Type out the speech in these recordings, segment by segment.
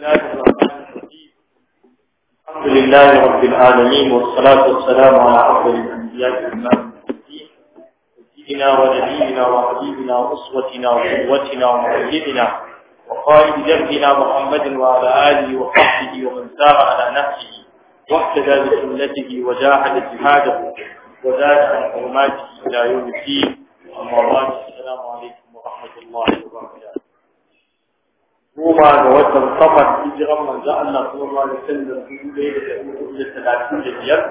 الله الرحمن الرحيم الحمد لله رب العالمين والصلاة والسلام على أفضل الأنبياء والإمام سيدنا ونبينا وحبيبنا وأسوتنا وقوتنا ومؤيدنا وقائد دربنا محمد وعلى آله وصحبه ومن سار على نفسه واهتدى بسنته وجاهد جهاده وزاد عن حرماته إلى يوم الدين أما بعد السلام عليكم ورحمة الله وبركاته goma ga watan safar hijiran manzo Allah sallallahu alaihi wasallam dubu ɗaya da ɗari hudu da talatin da biyar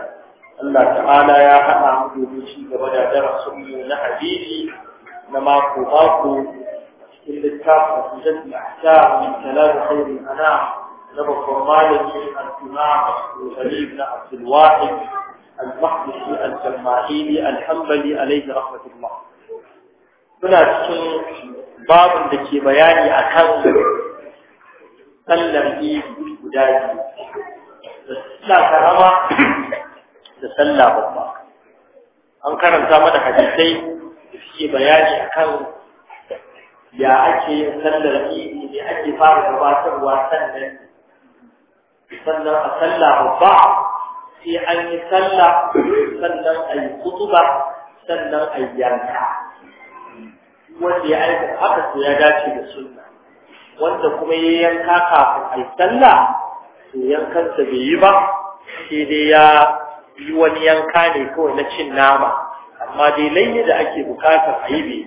Allah ta'ala ya haɗa mu da ci gaba da darasin mu na hadisi na mako mako cikin littafin Hujjatul Ahkam min Kalam Khairul Ana, na babban malami al-Imam Al-Ali ibn Abdul Wahid al-Mahdisi al-Jama'ili al-Hanbali alayhi rahmatullah muna cikin babin da ke bayani akan sallar ibi guda biyu da sallah karama da sallah babba an karanta mana hadisai da suke bayani akan ya ake yin sallar ibi ne ake fara gabatarwa sannan sannan a sallah babba sai an yi sallah sannan a yi kutuba sannan a yi yanka wanda ya aika haka to ya dace da sunna wanda kuma ya yanka kafin a yi sallah to yankansa bai yi ba sai dai ya yi wani yanka ne kawai na cin nama amma dai lalle da ake bukatar a yi bai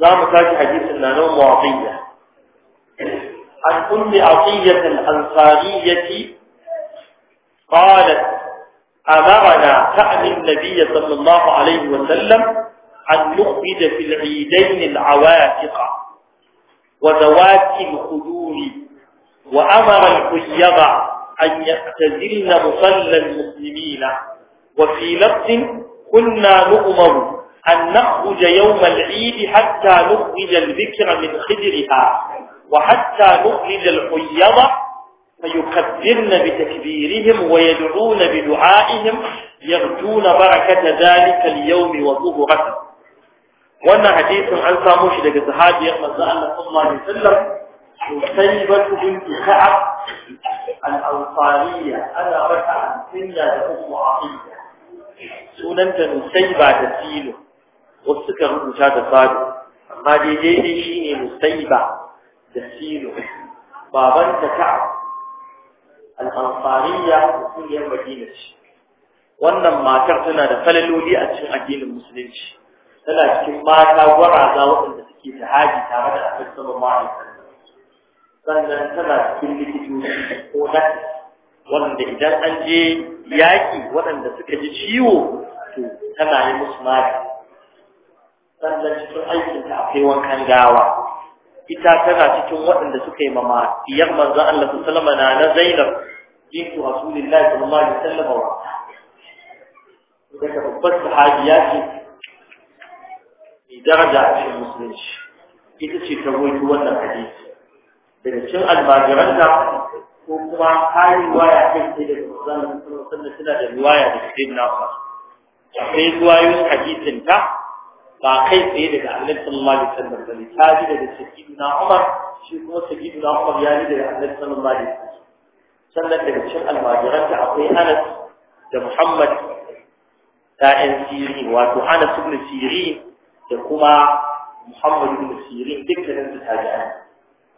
za mu tashi hadisin na nan mu'adiyya an ummi atiyyah al-ansariyyah qalat أمرنا تعني النبي صلى الله عليه وسلم أن يخرج في العيدين العواتق وذوات الخدور وأمر الحيض أن يقتزلن مصلى المسلمين وفي لفظ كنا نؤمر أن نخرج يوم العيد حتى نخرج الذكر من خدرها وحتى نخرج الحيض فيكبرن بتكبيرهم ويدعون بدعائهم يرجون بركة ذلك اليوم وظهرته wannan hadisin an samu shi daga sahabiyar manzo Allah sallallahu alaihi wasallam Musaybatu binti Ka'ab al-Ansariya ana mata alfinya da Ummu Afiya sunanta Musayba da Tilo wasu suka rubuta da Sadu amma dai dai shine Musayba da Tilo ta Ka'ab al-Ansariya mutuniyar Madina ce wannan matar tana da falaloli a cikin addinin musulunci tana cikin mata gwaraza waɗanda suke haji tare da abin sama ma'aikata sannan tana cikin likitoci ko nasi wanda idan an je yaƙi waɗanda suka ji ciwo to tana yi musu mata sannan cikin aikinta akwai wankan gawa ita tana cikin waɗanda suka yi mama diyar manzan Allah sallama na na Zainab bintu Rasulullahi sallallahu alaihi wasallam wa ita babbar sahabiya ce daraja a cikin musulunci ita ce ta goyi wannan hadisi daga cin almajiran da ko kuma hali waya kai sai daga musulman da suna da riwaya da cikin nafa sai riwayoyin hadisin ta ba kai tsaye daga annabi sallallahu alaihi wasallam bane ta ji daga na Umar shi kuma na Umar ya ji daga annabi sallallahu alaihi wasallam sannan daga cikin almajiran da akwai Anas da Muhammad ta ɗan Sirin wato Anas ibn sirri. da kuma Muhammad ibn Sirin dukkanin su tabi'ai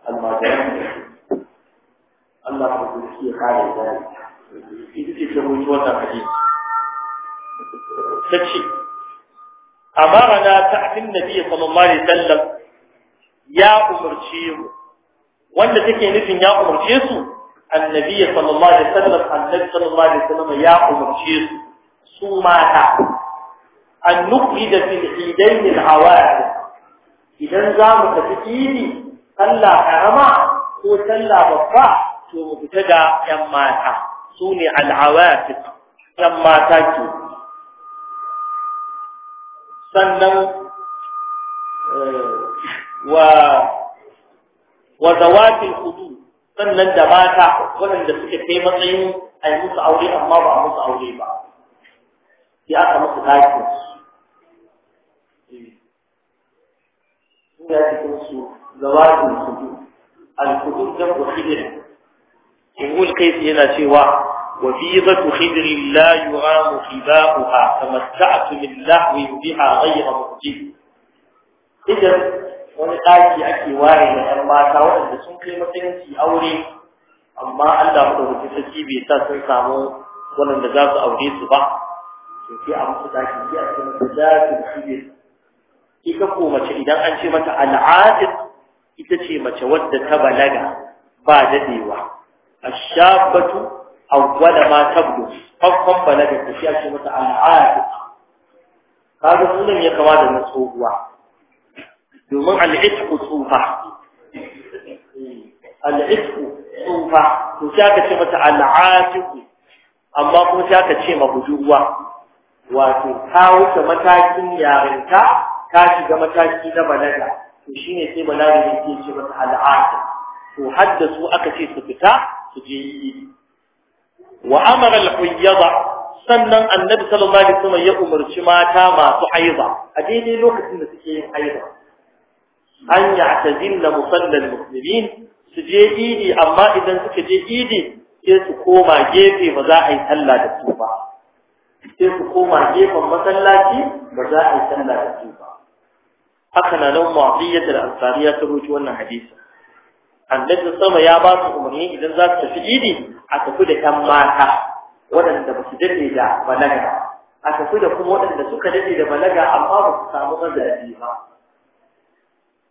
almajiran Allah ya rubuci ya kare da ita ce ta rubuci wannan hadisi tace amarna ta'tin nabi sallallahu alaihi wasallam ya umurce mu wanda take nufin ya umarce su Annabiya sallallahu alaihi wasallam annabi sallallahu alaihi wasallam ya umarce su su mata an nukhida fil idayn al hawadi idan za mu tafi idi sallah karama ko sallah babba to mu fita da yan mata sune al hawafid yan mata ke sannan wa wa hudud sannan da mata waɗanda suke kai matsayin a yi musu aure amma ba a musu aure ba ya aka musu ɗakin su ذلك زوات الخدود الخدود جمع خدر يقول كيف هنا سوى وبيضة خدر لا يرام خباؤها تمتعت من لهو بها غير مؤجل إذا wani ɗaki ake ware da ‘yan mata waɗanda sun kai matsayanci aure amma Allah da wuce sarki bai sa sun samu waɗanda za su aure su ba to sai a musu ɗaki sai a da za su ita ko mace idan an ce mata al'adik ita ce mace wadda ta balaga ba dadewa ashabatu awwala ma tabdu fakkon balaga ta shi ake mata al'adik kaga sunan ya kama da na tsohuwa domin al'idku tsufa al'idku tsufa to sai aka ce mata al'atiku amma kuma sai aka ce ma budurwa wato ta wuce matakin yarinta ka shiga mataki na balaga to shine sai balaga ne ke ce masa al'ada to haddasu aka ce su fita su je yi wa amara al-huyyada sannan annabi sallallahu alaihi wasallam ya umarci mata masu haiza a daidai lokacin da suke yin haiza an ya'tazinna musallal muslimin su je idi amma idan suka je idi sai su koma gefe ba za a yi sallah da su ba sai su koma gefen masallaci ba za a yi sallah da su ba haka na nan mu'aziyyat al-ansariya ta rubuta wannan hadisi annabi sama ya ba su umarni idan za su tafi idi a tafi da kan mata waɗanda ba su dade da balaga a tafi da kuma waɗanda suka dade da balaga amma ba su samu mazaji ba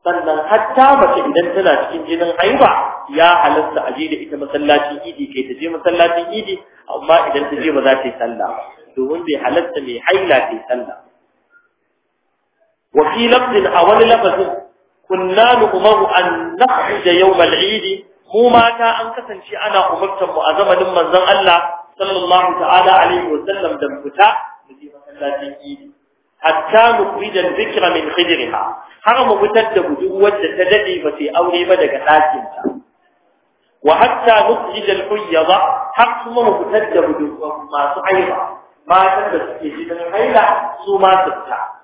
sannan hatta mace idan tana cikin jinin haihuwa, ya halatta aje da ita masallacin idi kai ta je masallacin idi amma idan ta je ba za ta yi sallah domin bai halatta mai haila ta yi sallah wa fi a wani lafazin kunna nu'maru an nakhruja yawm al-eid mu mata an kasance ana umartar mu a zamanin manzon Allah sallallahu ta'ala alaihi wa sallam da fita mu je masallacin Eid hatta nukhrija dhikra min khidriha har mu fitar da budurwar da ta daɗe ba sai aure ba daga ɗakin ta wa hatta har kuma mu fitar da budurwar masu suke su ma su fita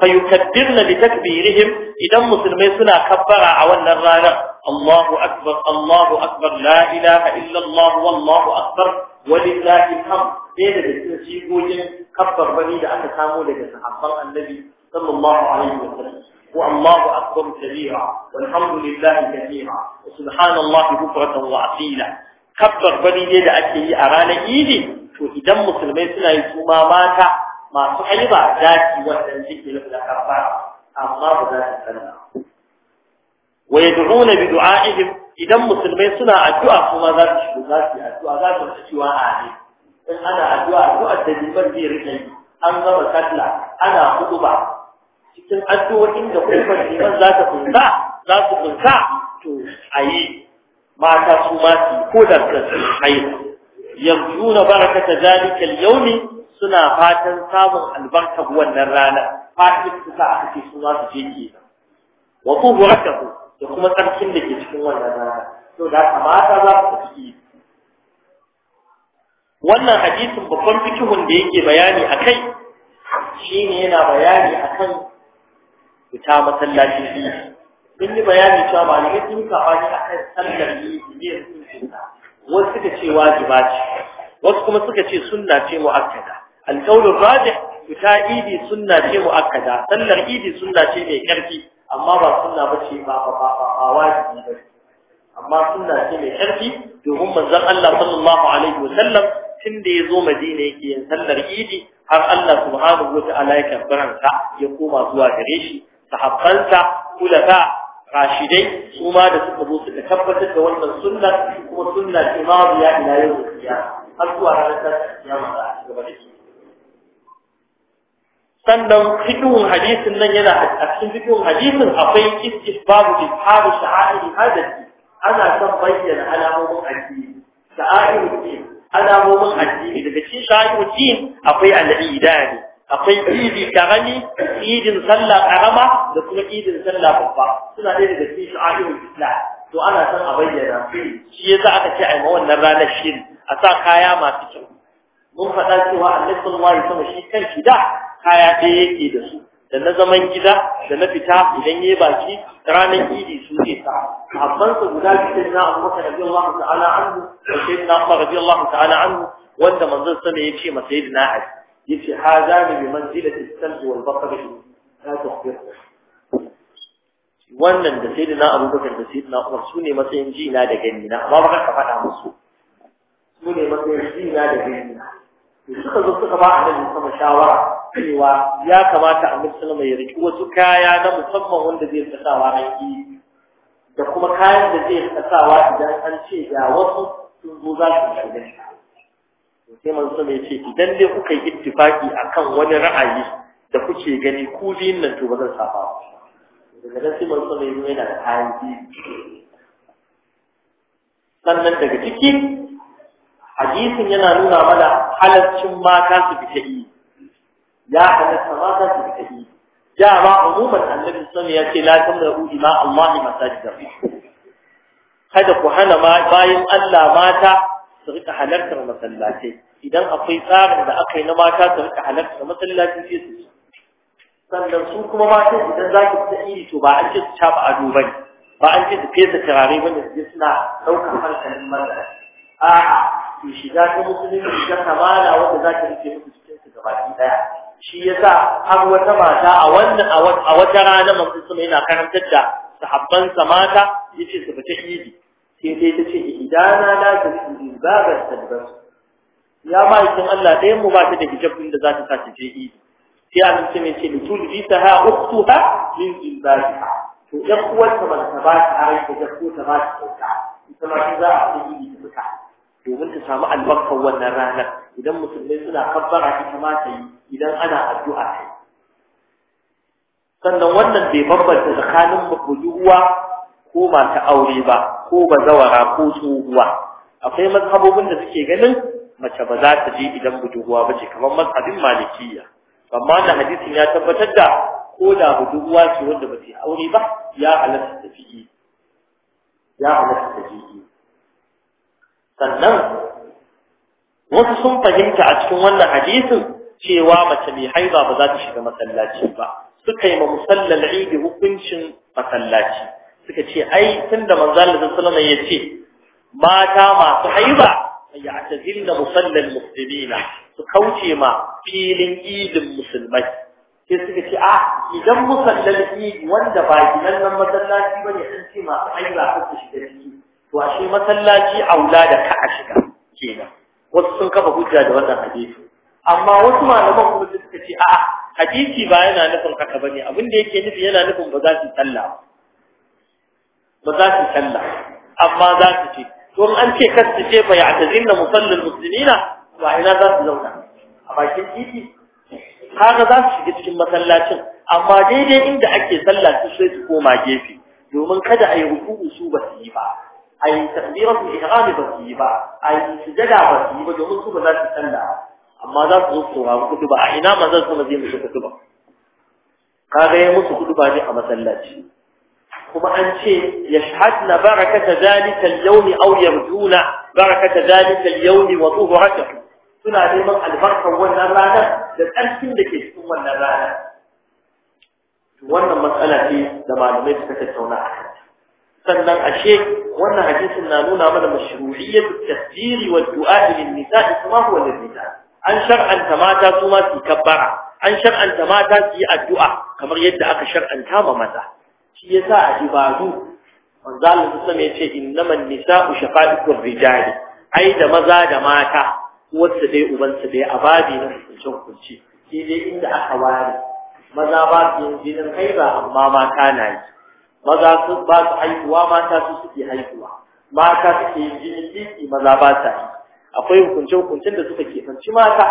fayukaddirna bi takbirihim idan musulmai suna kabbara a wannan ranar Allahu akbar Allahu akbar la ilaha illa Allah wallahu akbar walillahi alhamd sai da cikin shigogin kabbar bani da aka samo daga sahabban annabi sallallahu alaihi wa sallam wa Allahu akbar kabira walhamdulillahi kabira wa subhanallahi bukratan wa asila kabbar bani da ake yi a ranar idi to idan musulmai suna yi kuma mata masu aiba za ki wannan zikirin da kafa amma ba za su sanna wa yad'una bi du'a'ihim idan musulmai suna addu'a kuma za su shigo za su addu'a za su ta cewa amin in ana addu'a addu'a da liman zai rike an gama sallah ana hutuba cikin addu'o'in da kuma liman za ta kunta za su kunta to ayi mata su ma ko da kansu Yanzu na barakata zalika al-yawmi suna fatan samun albarkar wannan rana fatin su sa aka ce su za su je ke wa tuhuratahu da kuma tsarkin da ke cikin wannan rana to da kamata za su tafi wannan hadisin babban fikihun da yake bayani akai shine yana bayani akan fita masallaci biyu mun yi bayani cewa malamai sun sabani akan sallar biyu biyar sun wasu suka ce wajiba ce wasu kuma suka ce sunna ce mu'akkada alƙaunin rajih fita idi sunna ce mu'akkada sallar idi sunna ce mai ƙarfi amma ba sunna ba ce ba ba ba ba wajibi ba amma sunna ce mai ƙarfi domin manzon Allah sallallahu alaihi wa sallam tun da ya zo Madina yake yin sallar idi har Allah subhanahu wa ta'ala ya karbaranta ya koma zuwa gare shi sahabbansa kulafa rashidai su ma da suka zo suka tabbatar da wannan sunna kuma sunna ce ma ya ila yau da har zuwa ranar kiyama da gaba da shi sannan fiqhun hadisin nan yana a cikin fiqhun hadisin akwai babu istisbabu ishabu sha'airi hadisi ana son bayyana alamomin addini sha'airi din alamomin addini daga cikin sha'airi din akwai al'idani akwai idi karami idin sallah karama da kuma idin sallah babba suna ɗaya daga cikin sha'airi islam to ana son a bayyana shi yasa aka ce a yi ma wannan ranar shirin a sa kaya masu kyau mun faɗa cewa annabi sallallahu alaihi wasallam shi kanshi da kaya ɗaya yake da su da na zaman gida da na fita idan yayi baki ranar idi su ne sa abban su guda biyu na Abu Bakar radiyallahu ta'ala anhu da sayyidina Umar radiyallahu ta'ala anhu wanda manzon sama ya ce masa sayyidina Ali yace hazani bi manzilati al-salb wal baqar ta tukhbir wannan da sayyidina Abu Bakar da sayyidina Umar su ne matsayin jina da gani na amma baka faɗa musu su ne matsayin jina da gani na suka zo suka ba a nan sama shawara cewa ya kamata a musulma ya riki wasu kaya na musamman wanda zai kasawa a yi da kuma kayan da zai kasawa idan an ce ga wasu sun zo za su shiga shi sai manzo mai ce idan dai kuka yi ittifaki akan wani ra'ayi da kuke gani ku biyun nan to ba zan saba ba daga nan sai manzo mai yi yana da kayan biyu sannan daga ciki hadisin yana nuna mana halaccin mata su fita yi ya halatta ta su rika yi dama umuman annabi sun ya ce la tamru ima Allah masajidar kada ku hana bayan Allah mata su rika halartar masallatai idan akwai tsarin da aka yi na mata su rika halartar masallatai sai su sannan su kuma mata idan za ki fita iri to ba an ce su caba ado bane ba an ce su fesa turare bane su suna ɗaukar hankalin maza a'a to shiga ta musulunci ta kamala wanda za ta rike musu cikin su gabaki ɗaya shi yasa har wata mata a wannan a wata rana manzo sama yana karantar da sahabbansa mata mata yace su fita idi sai dai tace idana la tafi babar tadbas ya ma Allah ɗayan mu ba ta da hijab din da za ta sa ta je idi sai an ce me ta litul bitaha ukhtuha min jilbabiha to yan uwarta ba ta ba ta har ta ko ta ba ta ita ma za a fita idi ta fita domin ta samu albarkar wannan ranar idan musulmai suna kabbara ita ma yi idan ana addu'a ta yi sannan wannan bai bambanta tsakanin budurwa ko masu aure ba ko bazawara ko tsohuwa akwai mazhabobin da suke ganin mace ba za ta je idan budurwa ba ce kamar mazhabin malikiya amma da hadisin ya tabbatar da ko da budurwa ce wanda ba ta aure ba ya halatta tafiye ya halatta tafiye sannan wasu sun fahimta a cikin wannan hadisin cewa mace mai haiza ba za ta shiga masallaci ba suka yi ma musallal idi hukuncin masallaci suka ce ai tunda manzo Allah sallallahu alaihi wasallam ya ce mata masu haiza ya da musallal muslimina su kauce ma filin idin musulmai sai suka ce a ah, idan musallal idi wanda ba gidan nan masallaci bane an ce masu haiza su shiga ciki to ashe masallaci aula da ka a shiga kenan wasu sun kafa hujja da wannan hadisi amma wasu malaman kuma suka ce a'a hadisi ba yana nufin haka bane abin da yake nufi yana nufin ba za su talla ba za su talla. amma za su ce to an ce kar su ce fa ya'tazinna musallil muslimina ba ina za su zauna a bakin titi kaga za su shiga cikin masallacin amma daidai inda ake sallah su sai su koma gefe domin kada a yi ruku'u su ba su yi ba ai takbiratul ihram ba su yi ba ai sujada ba su yi ba domin su ba za su sallah amma za su zo su ba kudu ba a ina ma za su zai musu kudu ba kaga ya musu kudu ba ne a masallaci kuma an ce yashhadna barakata zalika al-yawm aw yarjuna barakata zalika al-yawm wa tuhuratuhu suna neman albarkar wannan rana da ƙarfin da ke cikin wannan rana wannan matsala ce da malamai suka tattauna a sannan ashe wannan hadisin na nuna mana mashru'iyyatu tasdiri wa du'a lin nisa'i kuma huwa lil an shar'anta mata su ma su kabbara an shar'anta mata su yi addu'a kamar yadda aka shar'anta ma maza shi yasa a ibadu manzo Allah su same ce innaman nisa'u shaqa'iqur rijali ai da maza da mata wacce dai uban su dai ababi na hukuncin kunci, shi dai inda aka ware maza ba su yin jinin ba, amma mata na yi maza su ba su haihuwa mata su suke haihuwa mata suke yin jini kiki maza ba ta yi akwai hukunce hukuncen da suka kefanci mata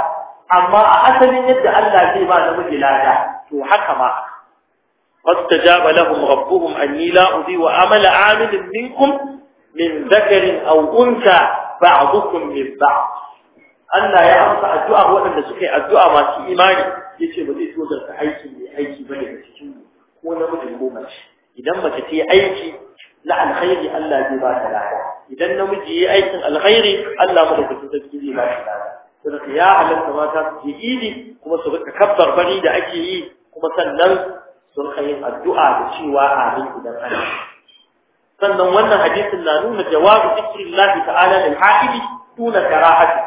amma a asalin yadda Allah zai ba namiji lada to haka ma fastajaba lahum rabbuhum anni la wa amala 'amilin minkum min dhakarin aw unsa ba'dukum min ba'd Allah ya amsa addu'a waɗanda suka yi addu'a masu imani yace ba zai so da aikin mai aiki bane da cikin ko namiji ko mace idan mace ta yi aiki na alkhairi Allah zai ba ta lada idan namiji ya yi aikin alkhairi Allah madaukakin sarki zai ba ta ya halatta mata su je idi kuma su rika kabbar bari da ake yi kuma sannan sun kai addu'a da cewa amin idan ana sannan wannan hadisin na nuna jawabu zikrillahi ta'ala lil haidi tuna karahati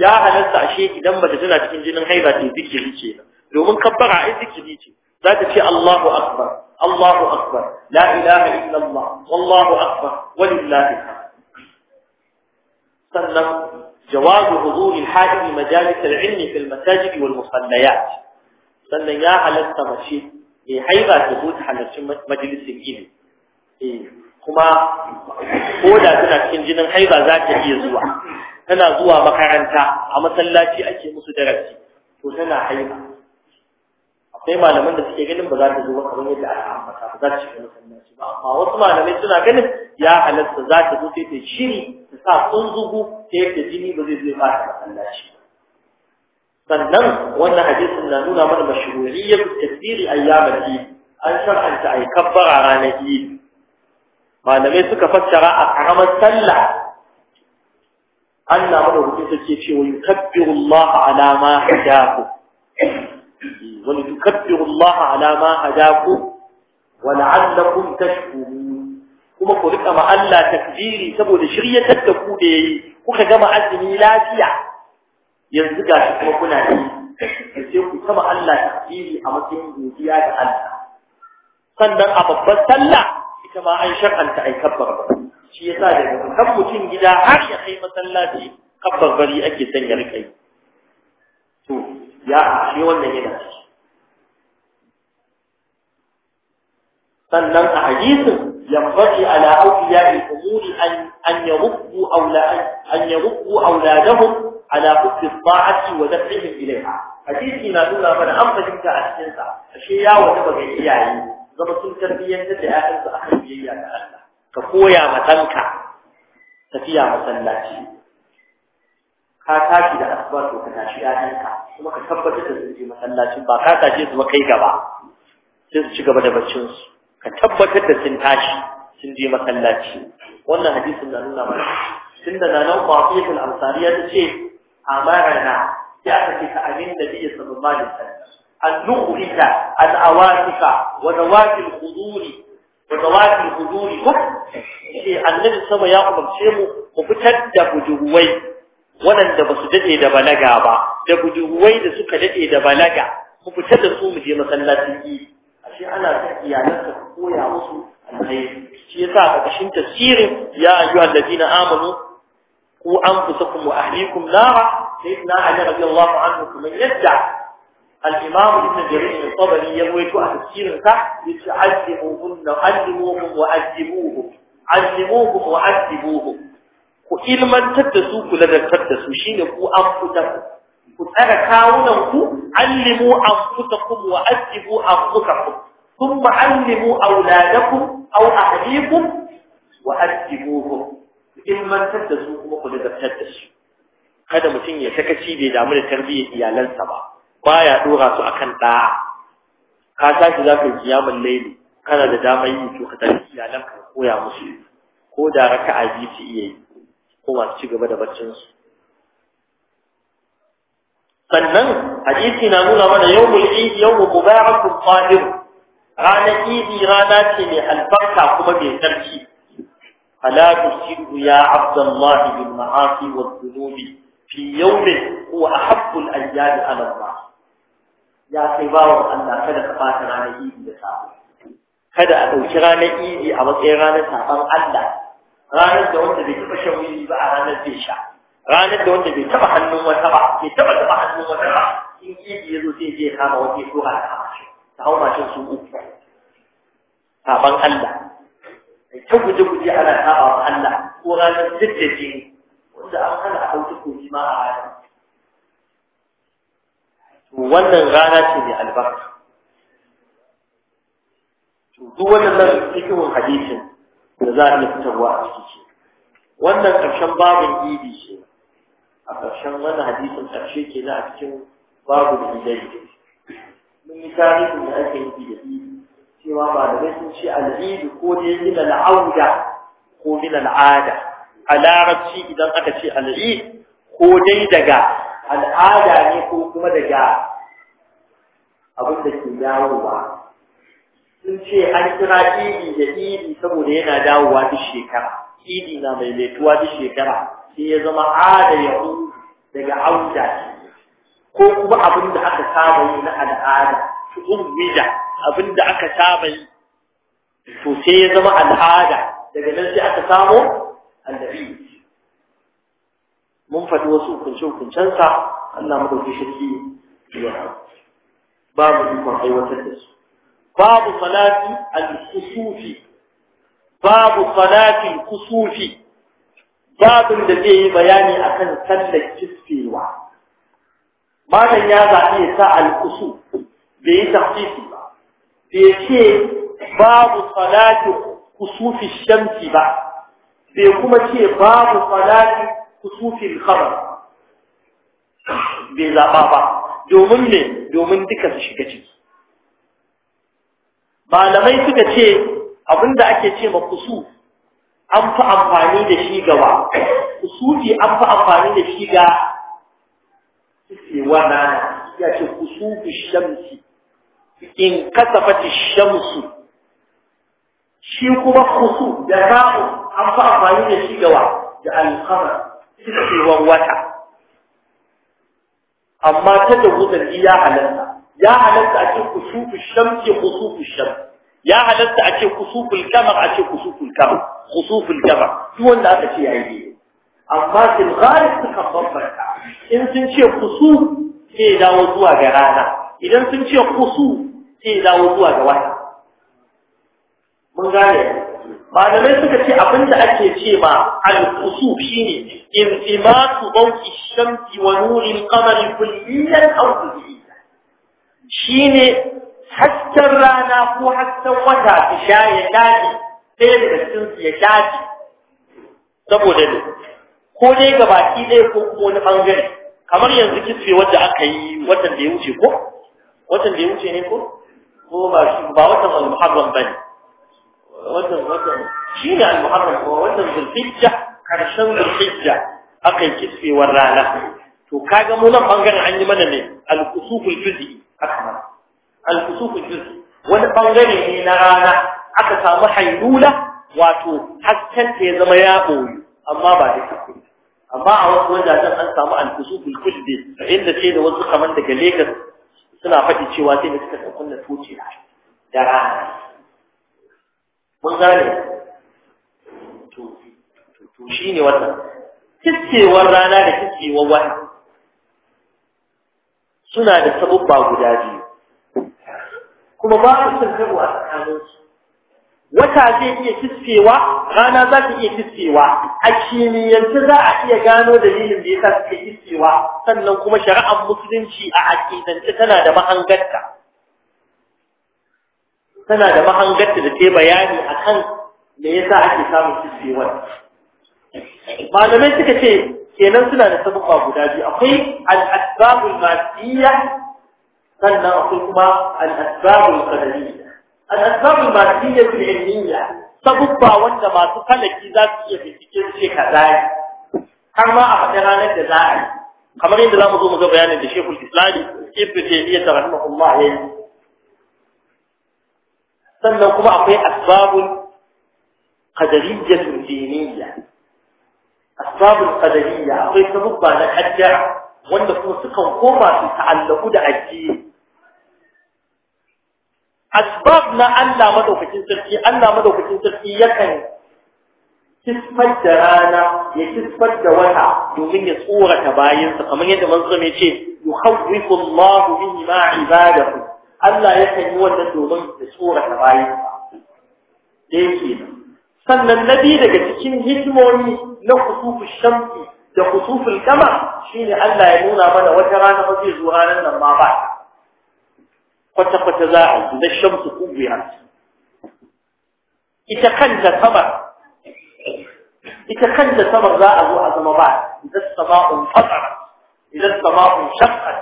ya halatta ashe idan mace tana cikin jinin haiba ta zikiri ce domin kabbara ai zikiri ce za ta ce Allahu akbar Allahu akbar la ilaha illallah wallahu akbar walillahi alhamd sannan جواز حضور الحاجب مجالس العلم في المساجد والمصليات sannan ya halatta mace mai haiba ta zo ta halarci majalisin eh, kuma hoda da cikin jinin haiba za ta iya zuwa tana zuwa makaranta a masallaci ake musu darasi to tana haiba Sai malaman da suke ganin ba za ta zo ba kamar yadda aka ambata ba za ta shiga masallaci ba amma wasu malamai suna ganin ya halatta za ta zo sai ta shiri ta sa tsunzugu ta yadda jini ba zai zo ya fata masallaci sannan wannan hadisin na nuna mana mashru'iyyar tasiri ayyamar idi an shar'anta yi kabbara ranar idi malamai suka fassara a karamar sallah Allah madaukakin sarki ce wa yukabbiru Allah ala ma hadaku ولتكبروا الله على ما هداكم ولعلكم تشكرون kuma ku riƙa ma Allah takbiri saboda shiryatar da ku da yayi kuka gama azumi lafiya yanzu ga kuma kuna yi sai ku sama Allah takbiri a matsayin godiya da Allah sannan a babban sallah ita ma an shar'anta ai kabbar ba shi yasa daga kan mutum gida har ya kai masallaci kabbar bari ake sanya rikai ya shi wannan yana ciki sannan a hadisin yanfaɗi ala auki ya yi umuri an yi rukku auladahun ala kuɗi ba'aci wa zafin ilai ha hadisi na nuna mana an fahimta ta a cikinsa a shi ya wata ba ga iyaye zama sun tarbiyyar da ya'yansu a kan biyayya da ka koya matanka tafiya masallaci ka tashi da asuba to ka tashi ƴaƴanka kuma ka tabbatar da sun je masallaci ba ka tashi su ba kai gaba sai su ci gaba da baccin su ka tabbatar da sun tashi sun je masallaci wannan hadisin na nuna mana da na nan kwafiyatul amsariya ta ce amarana ya aka ce ka amin nabiyyi sallallahu alaihi wasallam an nuhrika al awasika wa zawatil khuduri da zawatin huduri ko shi annabi sama ya umarce mu mu fitar da bujuwai waɗanda ba su daɗe da balaga ba da budurwai da suka daɗe da balaga mu fitar da su mu je masallacin idi ashe ana son iyalansa ku koya musu alheri shi yasa a ƙarƙashin tafsirin ya ayyuhal ladina amanu ku anfusakum wa ahlikum nara sayyidina ali radiyallahu anhu kuma yadda الإمام ابن جرير الطبري يروي عن تفسير صح يتعلموهن علموهم وعذبوهم علموهم وعذبوهم ku ilmantar da su ku ladantar da su shine ku an fitar ku tsara kawunan ku allimu anfusakum wa ajibu anfusakum thumma allimu auladakum aw ahlikum wa ajibuhum ilmantar da su kuma ku ladantar da su kada mutum ya sakaci bai damu da tarbiyyar iyalansa ba baya dora su akan da'a ka tashi za ka yi kiyamun laili kana da damar yi to ka tafi iyalanka koya musu ko da raka'a biyu su iya yi Kuma ci gaba da baccinsu sannan hadisi na nuna mana yawmul idi yawmul mubarakun qahir ranar idi rana ce mai albarka kuma mai tsarki ala tusiru ya abdullahi bil ma'asi wa dhunubi fi yawmin huwa ahabbul ayyami ala Allah ya kai bawo Allah kada ka fata ranar idi da safe kada a ɗauki ranar idi a matsayin ranar sabon Allah ranar da wanda bai taba shan wuri ba a ranar zai sha ranar da wanda bai taba hannun wata ba bai taba taba hannun wata ba in kiji ya zo sai je kama wata ya tura ta kama shi ta hau mashin su uku saban Allah Mai ta guje guje ana saba wa Allah ko ranar da jiddaje wanda an hana a hauta koji ma a ranar wannan rana ce mai albarka to duk wannan nan cikin hadisin da za a iya fitarwa a ciki ce wannan ƙarshen babin idi ce a ƙarshen wani hadisin ƙarshe ke na a cikin babu da idai mun yi tarihin da ake yi da idi cewa malamai sun ce al'idu ko dai min al'auda ko min al'ada a larabci idan aka ce al'id ko dai daga al'ada ne ko kuma daga abin da ke yawo ba sun ce an kira idi da idi saboda yana dawowa duk shekara idi na mai laituwa duk shekara sai ya zama ada ya daga auda ko kuma abin da aka saba yi na al'ada ummida abin da aka saba yi to sai ya zama al'ada daga nan sai aka samo annabi mun faɗi wasu hukunce-hukuncensa Allah mu ɗauki shirki ya mu ikon aiwatar da su babu salati al babu salati al-kusufi babin da zai yi bayani akan sallar kisfewa malam ya zaɓi ya sa al-kusuf bai yi tafsiri ba bai ce babu salati kusufi shamsi ba bai kuma ce babu salati kusufin al bai zaɓa ba domin ne domin duka su shiga ciki malamai suka ce abinda ake ce ma kusu an fi amfani da shi kusu kusufi an fi amfani da shi ga cewa na ya ce fi shamsi in kasafati shamsu shi kuma kusu da ra'u an fi amfani da shi gaba da alhamar cewar wata amma ta da wutar iya halatta ya halatta a ce kusufu shamsi kusufu shams ya halatta a ce kusuful kamar a ce kusufu kamar kusuful kamar duk wanda aka ce yayi ne amma fil ghalib suka bambanta in sun ce kusu sai dawo zuwa ga rana idan sun ce kusu sai dawo zuwa ga wata mun gane malamai suka ce abin da ake ce ma al-kusuf shine in su dawqi shamsi wa nurin al-qamari kulliyan aw kulliyan Shi ne hasken rana ko hasken wata su sha ya shaji ɗaya da cikin su ya shaji saboda ne ko dai gabaki ɗaya ko kuma wani bangare kamar yanzu kitse wadda aka yi watan da ya wuce ko watan da ya wuce ne ko ko ba shi ba watan al-muharram bane watan watan shi ne al-muharram ko watan zulhijja karshen zulhijja aka yi kitse rana to kaga mu nan bangaren an yi mana ne al-usuful juz'i akmar al-kusuf juz wani bangare ne na rana aka samu hailula wato hasken ta ya zama ya boyu amma ba da duka amma a wasu wajajen an samu al-kusuf kulli inda ce da wasu kaman daga Lagos suna faɗi cewa sai da suka ɗauki na toce da rana mun gane to shine wannan kiskewar rana da kiskewar wani suna da sabubba guda biyu kuma ba su cin karo a tsakaninsu wata zai iya fiskewa rana za ta iya fiskewa a kimiyyance za a iya gano dalilin da ya yasa suke fiskewa sannan kuma shari'ar musulunci a aƙidance tana da mahangarta tana da mahangarta da ke bayani akan me yasa ake samun fiskewa malamai suka ce kenan suna da sababba guda biyu akwai al masiya sannan akwai kuma al-asbabul qadariyya al-asbabul madiyya bil ilmiyya wanda masu falaki za su iya bincike su ce kaza har ma a faɗi ranar da za a yi kamar yadda za mu zo mu ga bayanin da shekul islami ibnu taymiyyah rahimahullah ya yi sannan kuma akwai asbabul qadariyya diniyya asbabul qadariyya akwai sababba na kaddara wanda kuma sukan koma su ta'allaku da addini asbab na Allah madaukakin sarki Allah madaukakin sarki yakan kisfar da rana ya kisfar da wata domin ya tsorata bayansa kamar yadda manzo mai ce yukhawwifu Allahu bihi ma ibadahu Allah yakan yi wannan domin ya tsorata bayansa dai kenan sannan na biyu daga cikin hikimomi na kusufu shamsi da kusufin kama ne Allah ya nuna mana wata rana ba zai zo ranar nan ma ba kwata-kwata za a yi na shamsu kubiya ita kanta sama ita kanta sama za a zo a zama ba idan sama sama'un fatsara idan sama sama'un shakar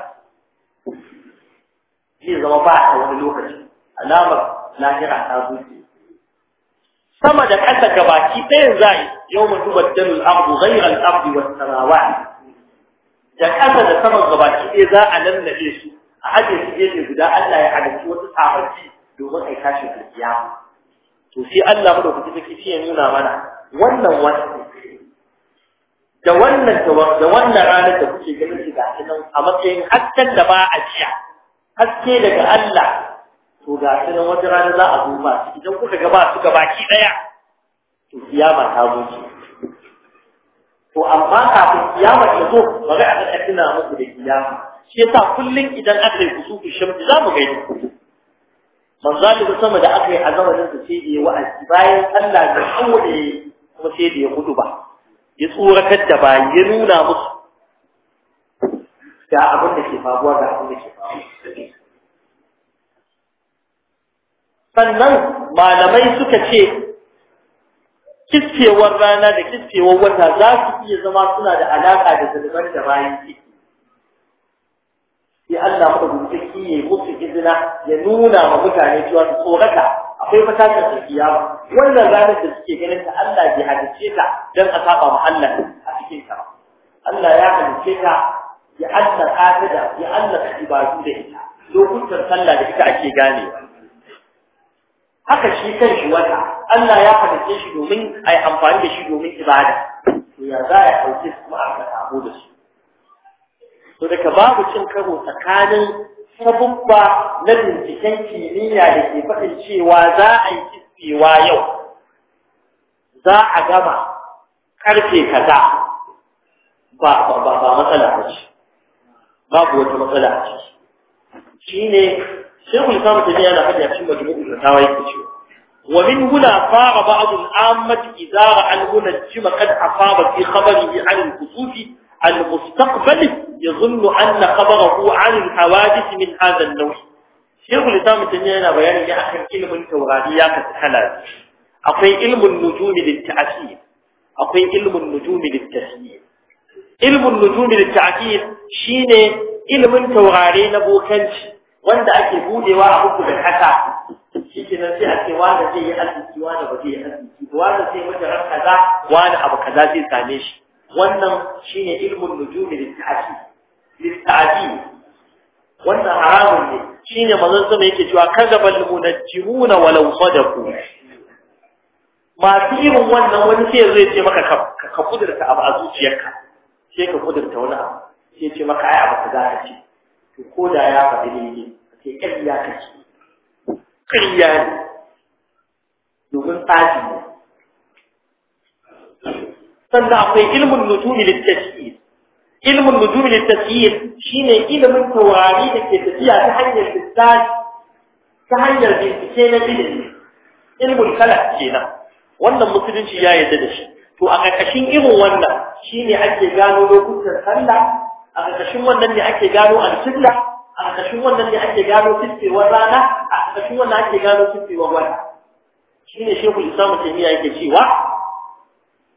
zai zama ba a wani lokaci alamar lahira ta zuci sama da ƙasa gabaki ɗaya za a yi yau mu duba dalil ardu zai yi ardi was samawat da ƙasa da sama gabaki ɗaya za a nan lallabe su a ajiye su gefe guda Allah ya halicci wata sahabi domin a ai tashi kiyya to sai Allah da madaukaki take shi ya nuna mana wannan wasu da wannan da wannan ranar da kuke ganin shi ga nan a matsayin hasken da ba a jiya haske daga Allah to ga shi nan wata rana za a zo ba idan kuka ga ba su ga baki daya to kiyama ta zo to amma kafin kiyama ta zo ba ga aka tuna muku da kiyama shi yasa kullun idan aka yi kusufu mu, za mu gani ku sama da aka yi a zamanin sai da wa'azi bayan Allah da aure kuma sai da ya gudu ba ya tsoratar da bayi ya nuna musu ga abin da ke faruwa ga abin da ke faruwa sannan malamai suka ce kiskewar rana da kiskewar wata za su iya zama suna da alaƙa da zalman da bayan ciki sai Allah maɗaukaki ya yi musu izina ya nuna ma mutane cewa su tsorata akwai matakin su kiyama wannan ranar da suke ganin ta Allah bai halice ta don a saba ma Allah a cikin ta Allah ya halice ta ya Allah ta da ya Allah ta ibadu da ita lokutan sallah da ita ake ganewa haka shi kan shi wata Allah ya halitta shi domin a yi amfani da shi domin ibada to ya za a ɗauke su kuma a da su to daga babu cin karo tsakanin ba na binciken kimiyya da ke faɗin cewa za a yi kiskewa yau za a gama karfe kaza ba ba ba matsala ba ce babu wata matsala ce ne. shekul islam ta yana faɗi a cikin majmu'ul fatawa yake cewa wa min huna fara ba'd al-ammati idza ra'a al-munajjima qad afaba fi khabarihi an al-kusufi المستقبل يظن أن خبره عن الحوادث من هذا النوع شيخ الإسلام التنية هنا بيان يا أخي علم التورادية كالحلال أقوي علم النجوم للتأثير أقوي علم النجوم للتسليم علم النجوم للتأثير شين علم التورادية نبوكنش wanda ake budewa a uku da kasa shi ke nan sai a ce wanda zai yi asibiti wanda ba zai yi asibiti wanda zai mata ran kaza wanda abu kaza zai same shi wannan shine ilmun nujumi littafi, litta'aji wannan haramun ne shine manzon sama yake cewa kazabal munajjimuna walau sadaku masu irin wannan wani sai zai ce maka ka kudurta abu a zuciyarka sai ka kudurta wani abu sai ce maka ai abu kaza ka ce to ko da ya faɗi daidai ce ƙarya kake ƙarya ne domin tsafi ne sannan akwai ilmin nujumi littafiyin ilmin nujumi littafiyin shine ilmin taurari da ke tafiya ta hanyar lissafi ta hanyar bincike na ilimi ilmin kala kenan wannan musulunci ya yarda da shi to a ƙarƙashin irin wannan shine ake gano lokutan sallah a ƙarƙashin wannan ne ake gano alƙibla a ƙarƙashin wannan ne ake gano fiskewar rana a ƙarƙashin wannan ake gano fiskewar wata shine shehu islamu taimiyya yake cewa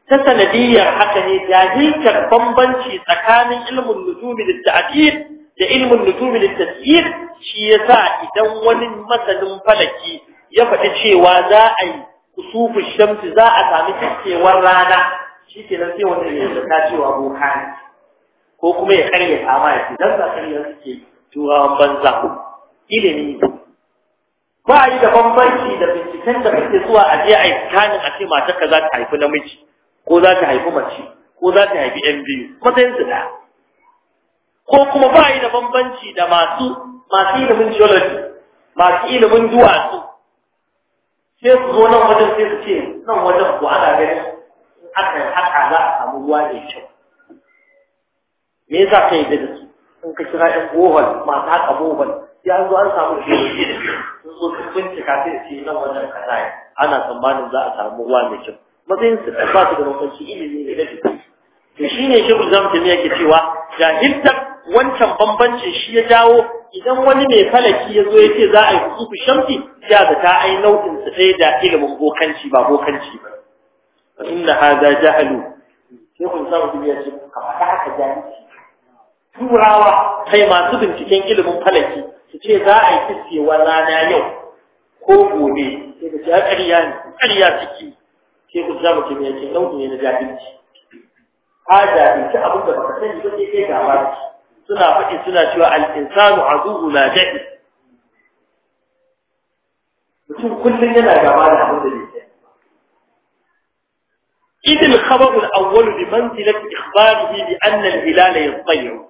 ta sanadiyyar haka ne jahilkar bambanci tsakanin ilmin nujumi da ta'adir da ilmin nujumi da tasir shi sa idan wani masanin falaki ya faɗi cewa za a yi kusufu shamsi za a sami fiskewar rana shi ke nan sai ne ya zata cewa boka ne ko kuma ya karya kama ya ce za ba yi suke turawan banza ilimi ba a yi da bambanci da binciken da kake zuwa a je a yi kanin a ce mata ka za ta haifi namiji ko za ta haifi mace ko za ta haifi yan biyu matsayin su da ko kuma ba a yi da bambanci da masu masu ilimin geology masu ilimin duwatsu sai su zo nan wajen sai su ce nan wajen ku ana ganin akan haka za a samu ruwa mai kyau me yasa kai da su in ka kira ɗan goban masu haka goban ya zo an samu da shi sun zo sun bincika sai da ce nan wannan kaza ana tsammanin za a samu ruwa mai kyau matsayin su ba su da bambanci ilimi ne da jiki to shine shi Ibn Taymiyyah yake cewa jahiltar wancan bambancin shi ya jawo idan wani mai falaki ya zo ya ce za a yi kusufu shamsi ya da ta ai nau'in su ɗaya da ilimin bokanci ba bokanci ba inna hada jahalu sai zama samu ya ce ka faɗa haka jahilci turawa kai masu binciken ilimin falaki su ce za a yi kiskewa rana yau ko gobe sai da ya ƙarya ne ƙarya ciki sai ku za mutum mai ce nau'i ne na jahilci a jahilci abin da baka sani ba sai ke gaba suna faɗi suna cewa al'insanu a zuhu na jahil mutum kullum yana gaba da abin da yake إذ الخبر الأول بمنزلة إخباره بأن الهلال يطير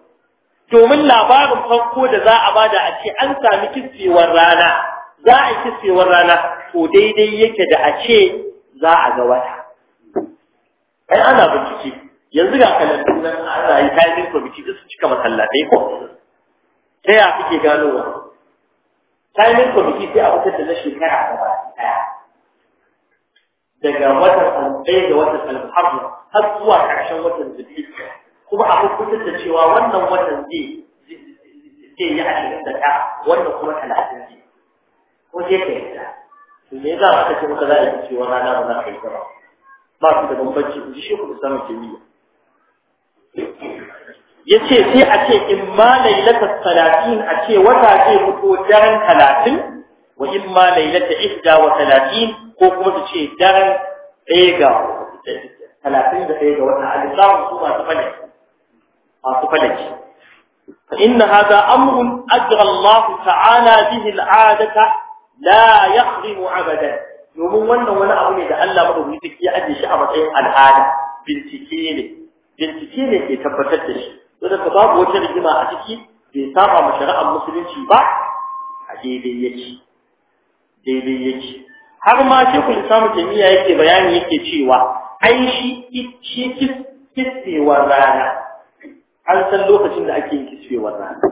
domin labarin farko da za a bada a ce an sami kisfewar rana za a yi kisfewar rana to daidai yake da a ce za a ga wata ai ana bincike yanzu ga kalandu nan ana yi timing committee da su cika masallatai ko ta ya kuke ganowa timing committee sai a wutar da na shekara gaba daya daga watan ɗaya da watan alhamdu har zuwa ƙarshen watan zubi kuma a hukuntar da cewa wannan watan zai zai yi ashirin da ta wannan kuma talatin zai ko sai ka yarda to me za a ce muka za a yi cewa rana ba za ka yi ba ba su da bambanci in ji shi ku samu kimiyya ya ce sai a ce in ma lailatar talatin a ce wata zai fito daren talatin wa in ma lailata ihda wa talatin ko kuma su ce daren ɗaya ga talatin da ɗaya ga wata alisamun su masu fane masu falaki Inna هذا amrun أجرى الله تعالى به العادة لا يخرم abada. domin wannan wani abu ne da Allah madaukaki ya ajiye shi a matsayin al'ada bincike ne bincike ne ke tabbatar da shi to da babu wata rigima a ciki bai saba ma shari'ar musulunci ba a daidai yake daidai yake har ma shi kun samu jami'a yake bayani yake cewa ai shi shi rana an san lokacin da ake yin kisfewar rana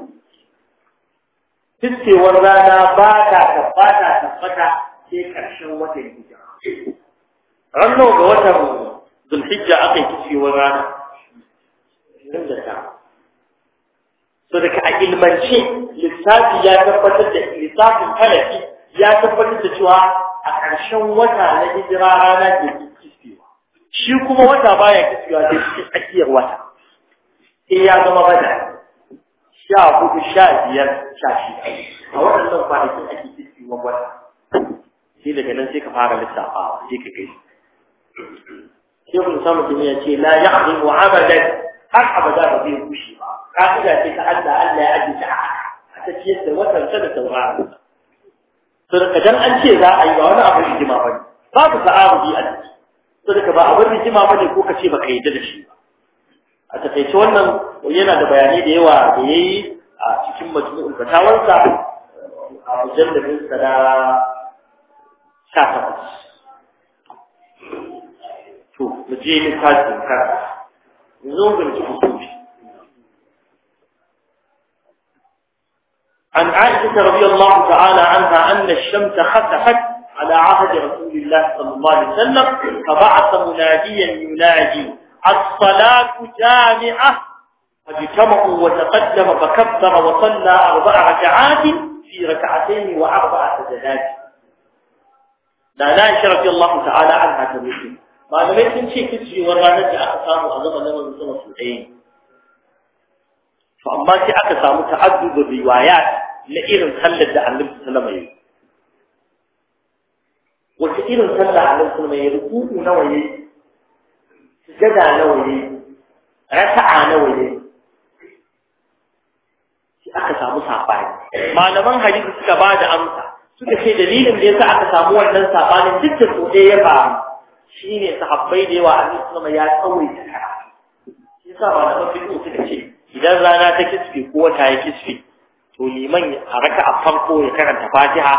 kisfewar rana ba ta tabbata tabbata sai ƙarshen watan hijja ranar ga watan zulhijja aka yi kisfewar rana nan da ta so daga a ilmance lissafi ya tabbatar da lissafin kalafi ya tabbatar da cewa a ƙarshen wata na hijira rana ke kiswewa shi kuma wata baya ta sai tsakiyar wata sai ya zama bada sha hudu sha biyar sha shi a waɗannan kwanakin ake cikin wata sai daga nan sai ka fara lissafawa sai ka kai shekul samu jami'a ce la ya azimu abadan har abada ba zai rushe ba ka'ida ce ta Allah Allah ya ajiye ta a ta ciyar da watan ta da tauraron to daga dan an ce za a yi ba wani abu rigima ba ne babu ta'arudi a ciki to daga ba abin rigima ba ne ko ka ce ba ka yi da shi ba a takaice wannan yana da bayani da yawa da yayi a cikin majmu'ul fatawarsa a mujallabin sa da sha takwas to mu je mu kaji kar zo ga mutum عن عائشة رضي الله تعالى عنها أن الشمس خسفت على عهد رسول الله صلى الله عليه وسلم فبعث مناديا ينادي الصلاة جامعة فبكما وتقدم فكبر وصلى أربع ركعات في ركعتين وأربع سجدات لا لا شرف الله تعالى عنها هذا المسلم ما لم يكن شيء كتشي ورانا جاء أخاه أنهم لما نصنع سبعين فأما شيء أكسى متعدد الروايات لإير خلد عن النبي صلى الله عليه وسلم وكثير صلى عن الله عليه وسلم Gada nawa ne raka'a nawa ne shi aka samu sabani malaman hadisi suka ba da amsa suka ce dalilin da yasa aka samu wannan sabanin duk da tsode ya faru shine sahabbai da yawa annabi sallama ya tsawaita kara shi yasa malaman fiqh suka ce idan rana ta kisfi ko wata ya kisfi to liman a raka'a farko ya karanta fatiha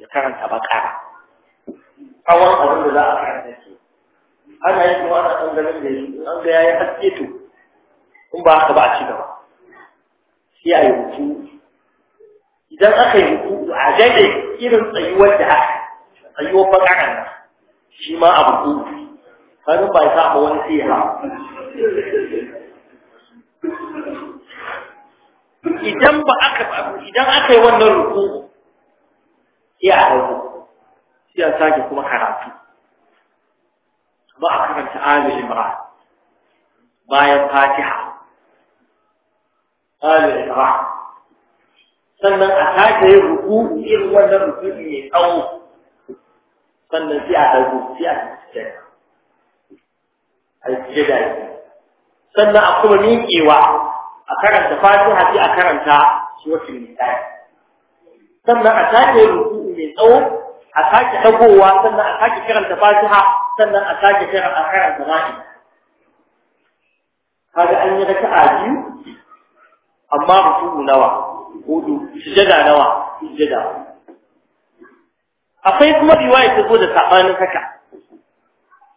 ya karanta bakara tsawon abin da za a karanta ana yin ruwa na ɗan ganin da yake an ga yayi haske to in ba haka ba a ci gaba sai a yi idan aka yi hutu a gaida irin tsayuwar da aka tsayuwar bakaran na shi ma a ruku kanin ba ya samu wani sai ha idan ba aka idan aka yi wannan ruku sai a hau sai a sake kuma karatu ba a karanta Ali Imran bayan Fatiha Ali Imran sannan a sake yin ruku irin wannan ruku mai tsawo sannan sai a ɗauko sai a sujjada a da yi sannan a kuma miƙewa a karanta Fatiha sai a karanta suratul Nisaa sannan a sake yin ruku mai tsawo a sake ɗagowa sannan a sake karanta Fatiha sannan a sake kira a karanta ma'ida kaga an yi raka'a biyu amma ruku'u nawa hudu sujada nawa sujada akwai kuma riwaya ta zo da sabanin haka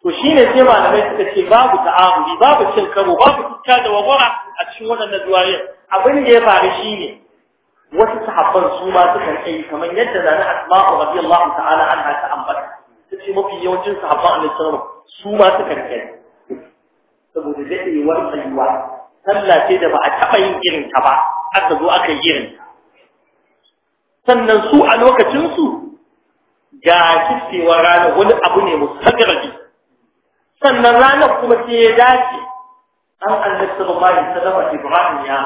to shine sai malamai suka ce babu ta'amuli babu cin karo babu tukka da wawara a cikin waɗannan duwaye abin da ya faru shine wasu sahabban su ma sukan kai kamar yadda zana asma'u radiyallahu ta'ala anha ta ambata ce mafi yawancin sahabban annabi sallallahu su ma su rike saboda dadewar tsayuwa sallah ce da ba a taba yin irin ta ba aka zo aka yi irin sannan su a lokacin su ga kifewar rana wani abu ne mustagrabi sannan ranar kuma sai ya dace an annabi sallallahu alaihi wasallam Ibrahim ya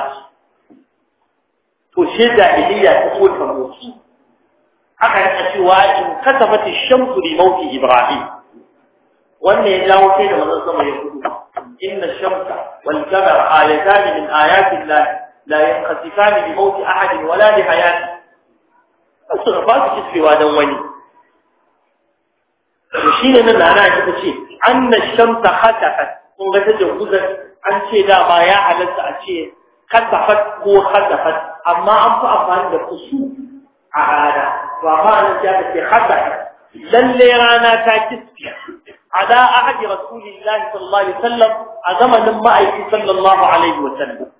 to shi da iliya ta ta mutu aka rika cewa in kasafati shamsu li mauti ibrahim wannan ya jawo sai da manzon sama ya gudu inna shamsa wal qamara ayatan min ayati llah la yanqasifani li mauti ahad wala li hayati asura ba su cewa dan wani to shine nan da ana ta ce anna shamsa khatafat kun ga ta gudu an ce da ba ya halatta a ce kasafat ko khatafat amma an fi amfani da kusu a rana to amma an ya ce khadda lalle rana ta kiske ada ahadi rasulillahi sallallahu alaihi wasallam a zamanin ma'aiki sallallahu alaihi wasallam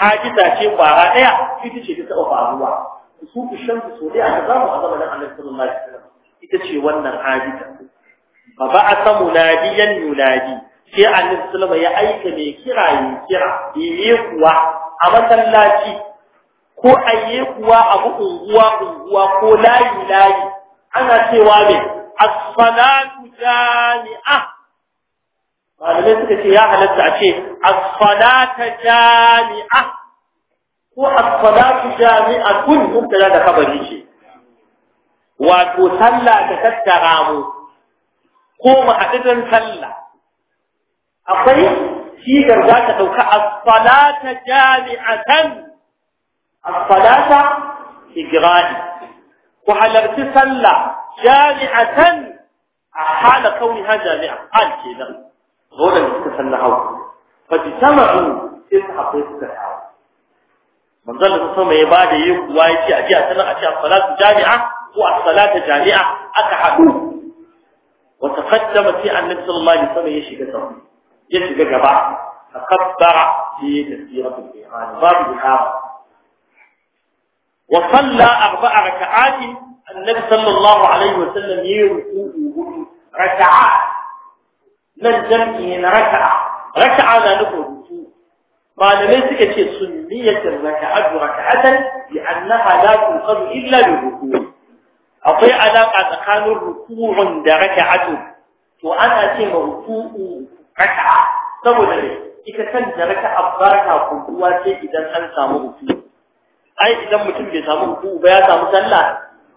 hadisa ce kwara daya ita ce ta taba faruwa su ku shan ku so dai a zamanin a zamanin annabi sallallahu alaihi wasallam ita ce wannan hadisa fa ba'atha munadiyan yunadi sai annabi sallallahu alaihi wasallam ya aika mai kira yi kira yi kuwa a masallaci ko ayye kuwa abu unguwa unguwa ko layi layi ana cewa ne as jami'a malamai suka ce ya halatta a ce as-salata jami'a ko as-salatu kun mubtada da kabari ce wato sallah ta tattara mu ko mu sallah akwai shi garza ta ɗauka as-salata jami'atan الصلاة إجرائي وهل ارتسل جامعة حال كونها جامعة قال كذا غولا تتسلحوا فاجتمعوا إن حقيت تتسلحوا من ظل تصمى يبادة يقوى يتي أجي أتنا أتي الصلاة جامعة والصلاة جامعة أكحدوا وتقدم في أن النبي صلى الله عليه وسلم يشيك ترمي يشيك جبع في تسيرة الإيمان باب الإيمان wa salla arba'a raka'atin annabi sallallahu alaihi wa sallam raka'a nan jam'i na raka'a raka'a na nufin ruku malamai suka ce sunniyatin raka'atu raka'atan bi annaha la tunqadu illa da ruku' akwai alaƙa tsakanin ruku'un da raka'atu to ana ce ma ruku'u raka'a saboda ita kanta raka'a baraka kuwa ce idan an samu ruku'u ai idan mutum bai samu ruku'u ba ya samu sallah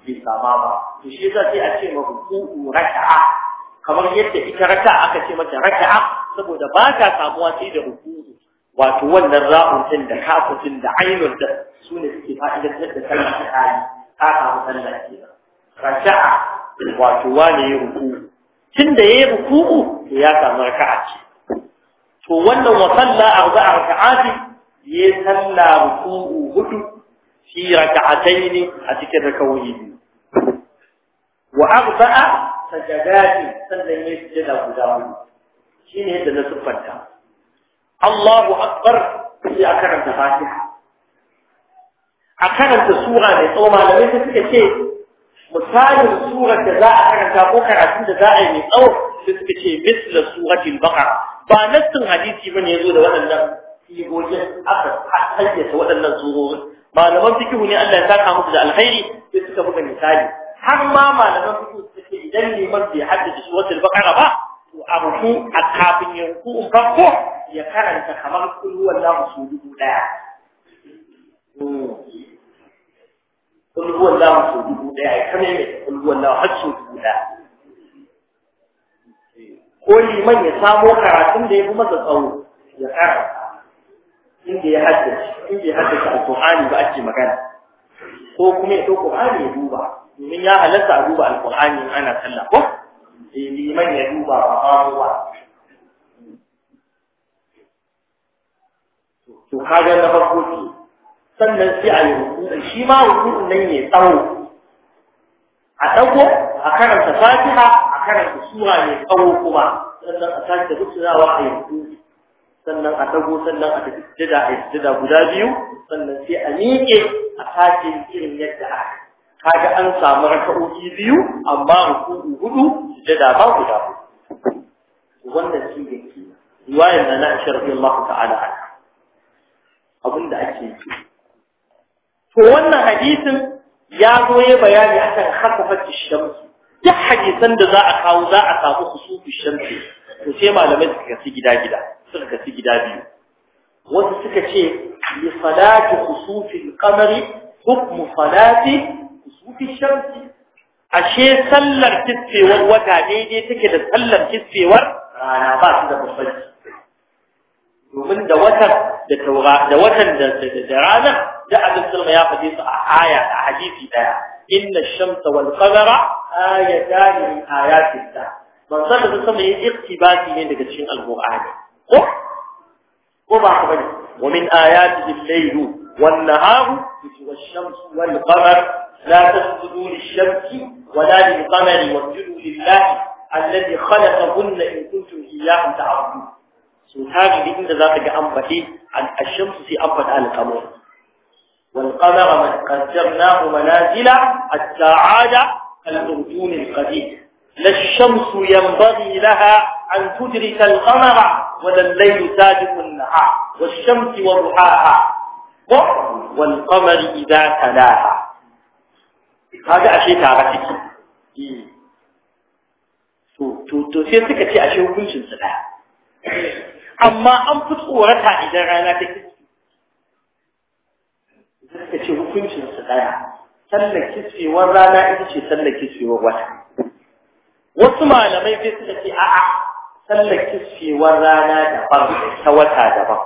bai sama ba to shi yasa sai a ce ma ruku'u raka'a kamar yadda ita raka'a aka ce mata raka'a saboda ba ta samuwa sai da ruku'u wato wannan ra'un din da kafin din da ainun da su ne suke fa'idantar da sallah ta kai ka samu sallah kenan raka'a wato wane ya ruku'u tunda yayi ruku'u to ya samu raka'a ce to wannan wa sallah arba'a raka'ati ya sallah ruku'u hudu في ركعتين اتك ركوعين واغفى سجدات سلم يسجد ابو داوود شنو هذا السفتا الله اكبر في اكرم الفاتحه اكرم السوره اللي ما لما تفكر شيء مثال السوره كذا اكرم تاوكر اكيد ذاعي من او تفكر مثل سوره البقره فنفس الحديث بن يزيد وهذا في وجه اخر حتى يتولى الظهور malaman fikihu ne Allah ya saka muku da alkhairi sai suka buga misali har ma malaman fikihu suke idan liman bai haddace wata bakara ba to a ruku a kafin ya ruku farko ya karanta kamar kullu wallahu su dubu daya kullu wallahu su dubu daya ya kame ne kullu wallahu har su dubu daya ko liman ya samo karatun da ya fi masa tsawo ya karanta inda ya haddace inda ya haddace alqur'ani ba ake magana ko kuma ya dauko qur'ani ya duba domin ya halatta a duba alqur'ani ana sallah ko eh liman ya duba ba ba to kaga na farko ce sannan sai a yi shi ma rukuɗin nan ne tsawo a ɗago a karanta fatiha a karanta sura ne tsawo kuma sannan a sake rukunawa a yi rukuɗi sannan a dago sannan a tafi sujada a sujada guda biyu sannan sai a miƙe a tashi irin yadda aka kaga an samu raka'o'i biyu amma ruku'u hudu sujada ba guda wannan shi ne ke riwayar na na Aisha radiyallahu ta'ala anha abinda ake yi to wannan hadisin ya zo ya bayani akan khasafat ash-shams duk hadisan da za a kawo za a samu khusufu shamsi to sai malamai suka kasu gida-gida suka kasu gida biyu wasu suka ce li salati khusufil qamari hukmu salati khusufil shamsi ashe sallar kisfewar wata daidai take da sallar kisfewar rana ba su da bambanci domin da watan da taura da watan da da ranar da Abdul Sulma ya faɗi su a aya a hadisi daya inna ash-shamsa wal qamara ayatan min ayatillah manzon da sama yin iktibasi ne daga cikin alqur'ani ومن آياته الليل والنهار والشمس والقمر لا تسجدوا للشمس ولا للقمر واسجدوا لله الذي خلقهن إن كنتم إياه تعبدون سبحان الذي إذا ذاك أمره عن الشمس في أمر آل القمر والقمر من قدرناه منازل حتى عاد الأرجون لا الشمس ينبغي لها أن تدرك القمر والليل سابق النهار والشمس وضحاها والقمر إذا تلاها هذا أشيء Eh. to sai suka ce ashe hukuncin su daya amma an fi tsorata idan rana ta kiski suka ce hukuncin su daya sallar kiswewar rana ita ce sallar kiswewar wata wasu malamai sai suka ce a'a sallar kiscewar rana daban ta wata daban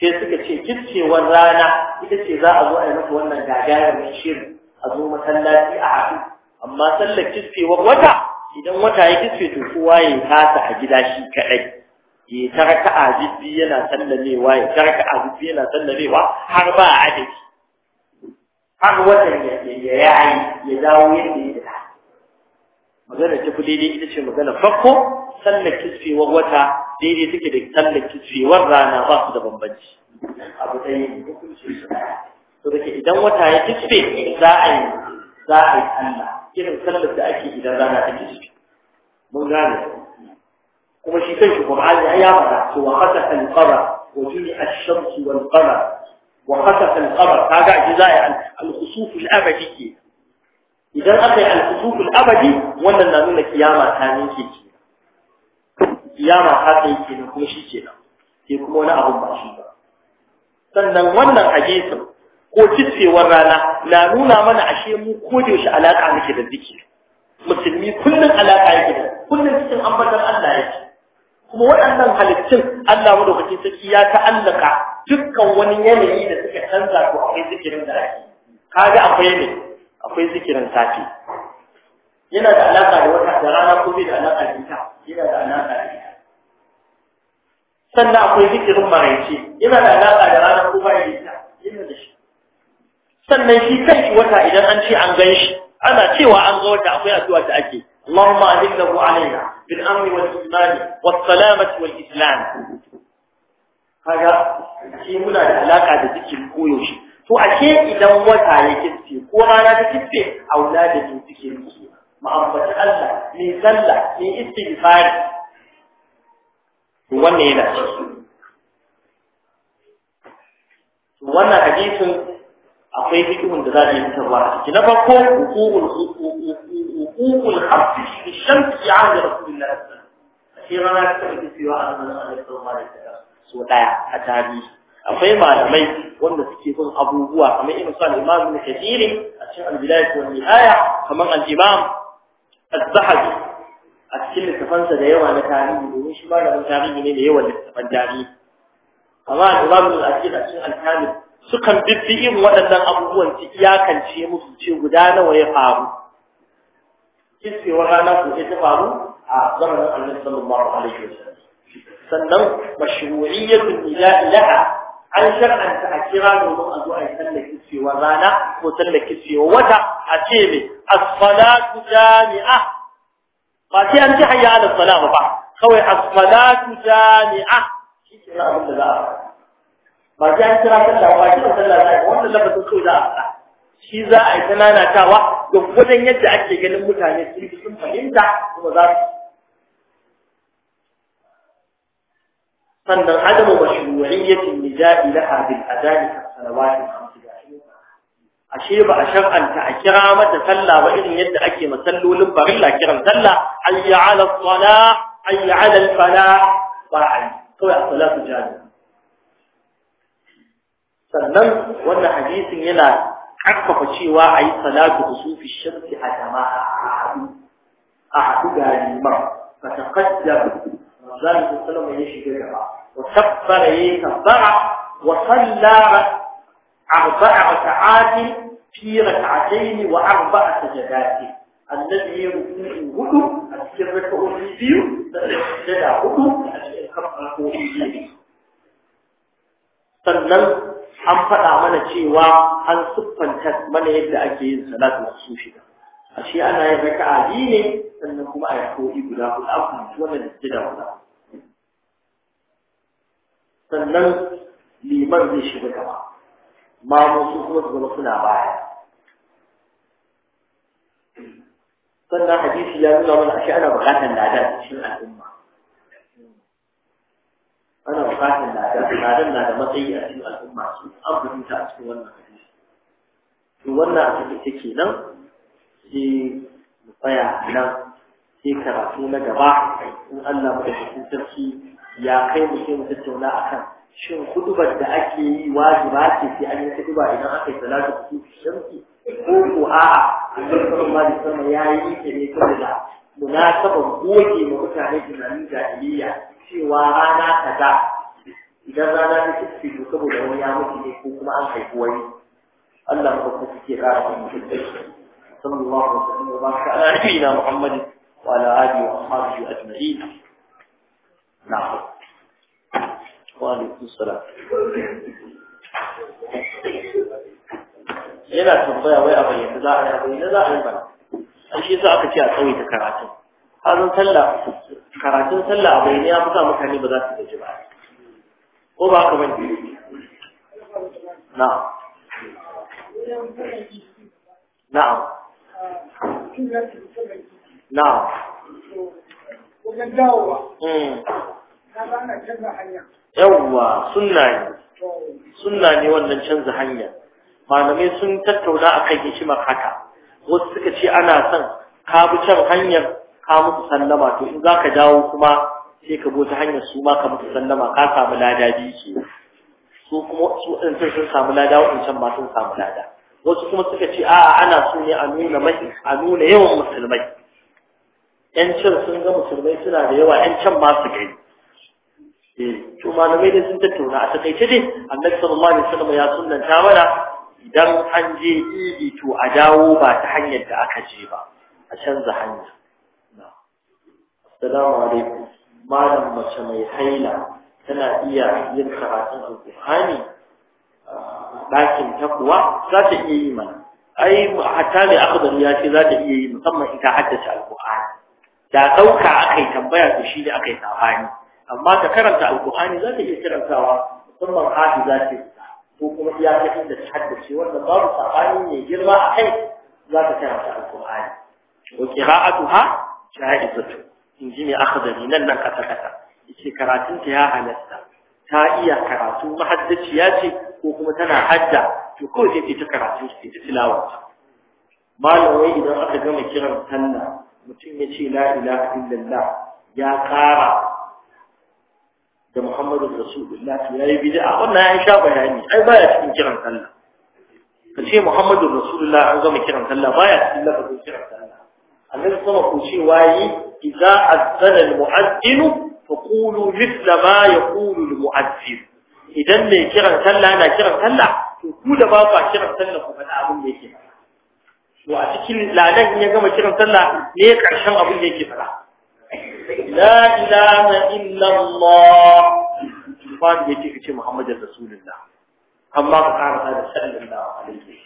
sai suka ce kiscewar rana ita ce za a zo a yi masa wannan gagarumin shirin a zo masallaci a haɗu amma sallar kiscewar wata idan wata ya kisce to kowa ya tasa a gida shi kaɗai ya taraka a jibbi yana sallamewa ya taraka a jibbi yana sallamewa har ba a adadi har watan ya yayi ya dawo yadda ya da magana ta fi daidai ita ce magana farko sallar kisfewar wata daidai take da sallar kisfewar rana ba su da bambanci abu ta yi hukunci to dake idan wata ya kisfe za a yi za a yi sallah irin sallar da ake idan rana ta kisfe mun gane kuma shi kanshi Qur'ani ya fara to wa khasaka al-qamar wa jumi'a al shams wal-qamar wa khasaka al-qamar kaga yi al-khusuf al-abadi idan aka yi al-khusuf al-abadi wannan na nuna kiyama ta ninke ki kiyama haka yake da kuma shi ke nan, sai kuma wani abun ba shi ba sannan wannan gefen ko cicewar rana na nuna mana ashe mu ko da yaushe alaka muke da ziki musulmi kullun alaka yake da kullun cikin ambatar Allah yake kuma waɗannan halittun Allah kake saki ya ta'allaka dukkan wani yanayi da suka canza ko akwai zikirin da ake kaga akwai ne akwai zikirin safi yana da alaka da wata da rana ko bai da alaka da ita yana da alaka da ita sannan akwai zikirin maraice yana da alaƙa da ranar kuma ya yana da shi sannan shi kanshi wata idan an ce an gan shi ana cewa an ga wata akwai addu'a da ake اللهم أذله علينا بالأمر والإيمان والسلامة والإسلام هذا شيء منا علاقة بذكر koyaushe. to ashe idan wata ya kitse ko rana ta kitse auladin zikirin ki ma'ambaci Allah ni sallah ni istighfar to wannan yana wannan hadisin akwai hikimar da za a yi fitarwa a ciki na farko hukukul hukukul hafi shi shamsi ya hanyar rasulullah a shi rana ta ɗauki cewa a a laifin so ɗaya a tarihi akwai malamai wanda suke bin abubuwa kamar irin su al-imam ibn a cikin al-bidayah wa nihaya kamar al-imam az-zahabi a cikin littafansa da yawa na tarihi domin shi malamin tarihi ne da yawan littafan tarihi amma al-imam a cikin al sukan bibbi irin waɗannan abubuwan su iyakance musu ce guda nawa ya faru kisewar rana ko ta faru a zamanin annabi sallallahu alaihi wasallam sannan mashru'iyyatul ilaha an shar'anta a kira domin a zo a yi sallar kisewar rana ko sallar kisewar wata a ce ne as-salatu jami'a ba sai an ji hayya ala salama ba kawai as-salatu jami'a shi ke na abin da za a ba sai an kira sallah shi kira sallah za wanda wannan lafazin so za a shi za a yi tawa da wajen yadda ake ganin mutane sun fi sun fahimta kuma za su sannan adamu mashru'iyyatin nija'i laha bil adani ka salawati ashe ba a shar'anta a kira mata sallah ba irin yadda ake masallolin barilla kiran sallah hayya ala sala hayya ala falah ba ai kawai a salatu jami sannan wannan hadisin yana karfafa cewa a yi salatu usufi shamsi a jama'a a haɗu ga liman fa taqaddam manzon sallallahu alaihi wasallam ya shiga gaba wa kabbara yayi kabbara wa sallara أربع ساعات في ركعتين a سجدات الذي يمكن هدو أتكرته في بيو سجد هدو أتكرته في sannan an faɗa mana cewa an siffanta mana yadda ake yin salatu wasu shida a shi ana yin raka'a biyu ne sannan kuma a yi koyi guda hudu an fahimci wannan da da wannan sannan liman zai shiga gaba mamu su kuma su zama suna baya sannan hadisi ya nuna mana ashe ana bukatar ladan cikin al'umma ana bukatar ladan ladan na da matsayi a cikin al'umma su an fahimta a cikin wannan hadisi to wannan a cikin take nan sai mu tsaya nan sai karatu na gaba in Allah mu da sarki ya kai mu sai mu tattauna akan shin kudubar da ake yi wajiba ce sai an yi kuduba idan aka yi salatu ku shamsi ko ko a'a annabi sallallahu da sama ya yi ta ne saboda munasabar goge ma mutane tunanin jahiliya cewa rana kaza idan rana ta kifi ko saboda wani ya mutu ne ko kuma an haifi wani Allah ba ku suke kara shi sallallahu alaihi wasallam wa baraka ala nabiyina Muhammad wa ala alihi wa ashabihi ajma'in na'am yana tambaya wai a bayyana za a yi a bayyana za a yi ba an shi sa aka ce a tsawaita karatun hazin sallah karatun sallah a bayyana ya fi sa mutane ba za su gaji ba ko ba ka bane na'am na'am na'am wajen dawowa hmm. yawwa sunna ne sunna ne wannan canza hanya malamai sun tattauna a kan hikimar haka wasu suka ce ana son ka bi can hanyar ka musu sallama to in za ka dawo kuma sai ka bota hanyar su ma ka musu sallama ka samu lada biyu ke su kuma su ɗin sun samu lada waɗancan ma sun samu lada wasu kuma suka ce a ana so ne a nuna mai a nuna yawan musulmai yan can sun ga musulmai suna da yawa yan can ma su gani to malamai da sun tattauna a takaice dai annabi sallallahu alaihi wasallam ya sunnanta mana idan an je idi to a dawo ba ta hanyar da aka je ba a canza hanya assalamu alaikum malam mace mai haila tana iya yin karatun alqur'ani ɗakin ta kuwa za ta iya yi mana ai hatta mai akhdar ya ce za ta iya yi musamman ita haddace alqur'ani da ɗauka aka tambaya to shi ne aka yi sabani amma ka karanta alkur'ani za ka iya karantawa musamman hadi za ka ko kuma iyakacin da ta haddace wanda babu saɓani mai girma a kai za ka karanta alkur'ani wa qira'atuha ja'izatu in ji ne akhdari nan nan kasa kasa yace karatun ta ya halatta ta iya karatu mahaddaciya ce ko kuma tana hadda to ko sai ta karatu sai ta tilawa malamai idan aka gama kiran sallah mutum ya ce la ilaha illallah ya kara da Muhammadu Rasulullah to yayi bid'a wannan ya sha bayani ai baya cikin kiran sallah ka ce Muhammadu Rasulullah an gama kiran sallah baya cikin lafazin kiran sallah annabi sama ku ce wayi idza azzana al-mu'azzin fa qulu mithla ma yaqulu al-mu'azzin idan mai kiran sallah na kiran sallah to ku da ba ba kiran sallah ku faɗa abin da yake to a cikin ladan ya gama kiran sallah ne karshen abin da yake faɗa la ilaha illallah Usman ya ce ka ce Muhammadu Rasulullah amma ka karanta da sallallahu alaihi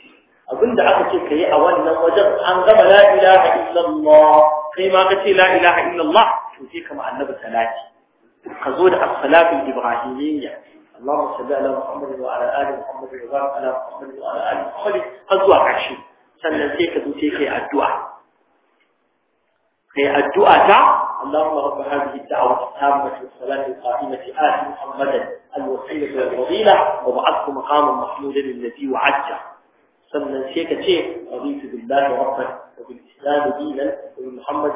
abinda aka ce ka yi a wannan wajen an gama la ilaha illallah kai ma ka ce la ilaha illallah to sai kama annabi salati ka zo da as-salatu ibrahimiyya Allahumma salli ala Muhammad wa ala ali Muhammad wa ala ali Muhammad wa ala ali Muhammad har ka ƙarshe sannan sai ka zo sai kai addu'a kai addu'a ta اللهم رب هذه الدعوة التامة والصلاة القائمة آت محمدا الوسيلة والفضيلة وبعثه مقاما محمودا الذي وعجه sannan sai ka ce raditu billahi rabban wa bil islam dinan wa bi muhammad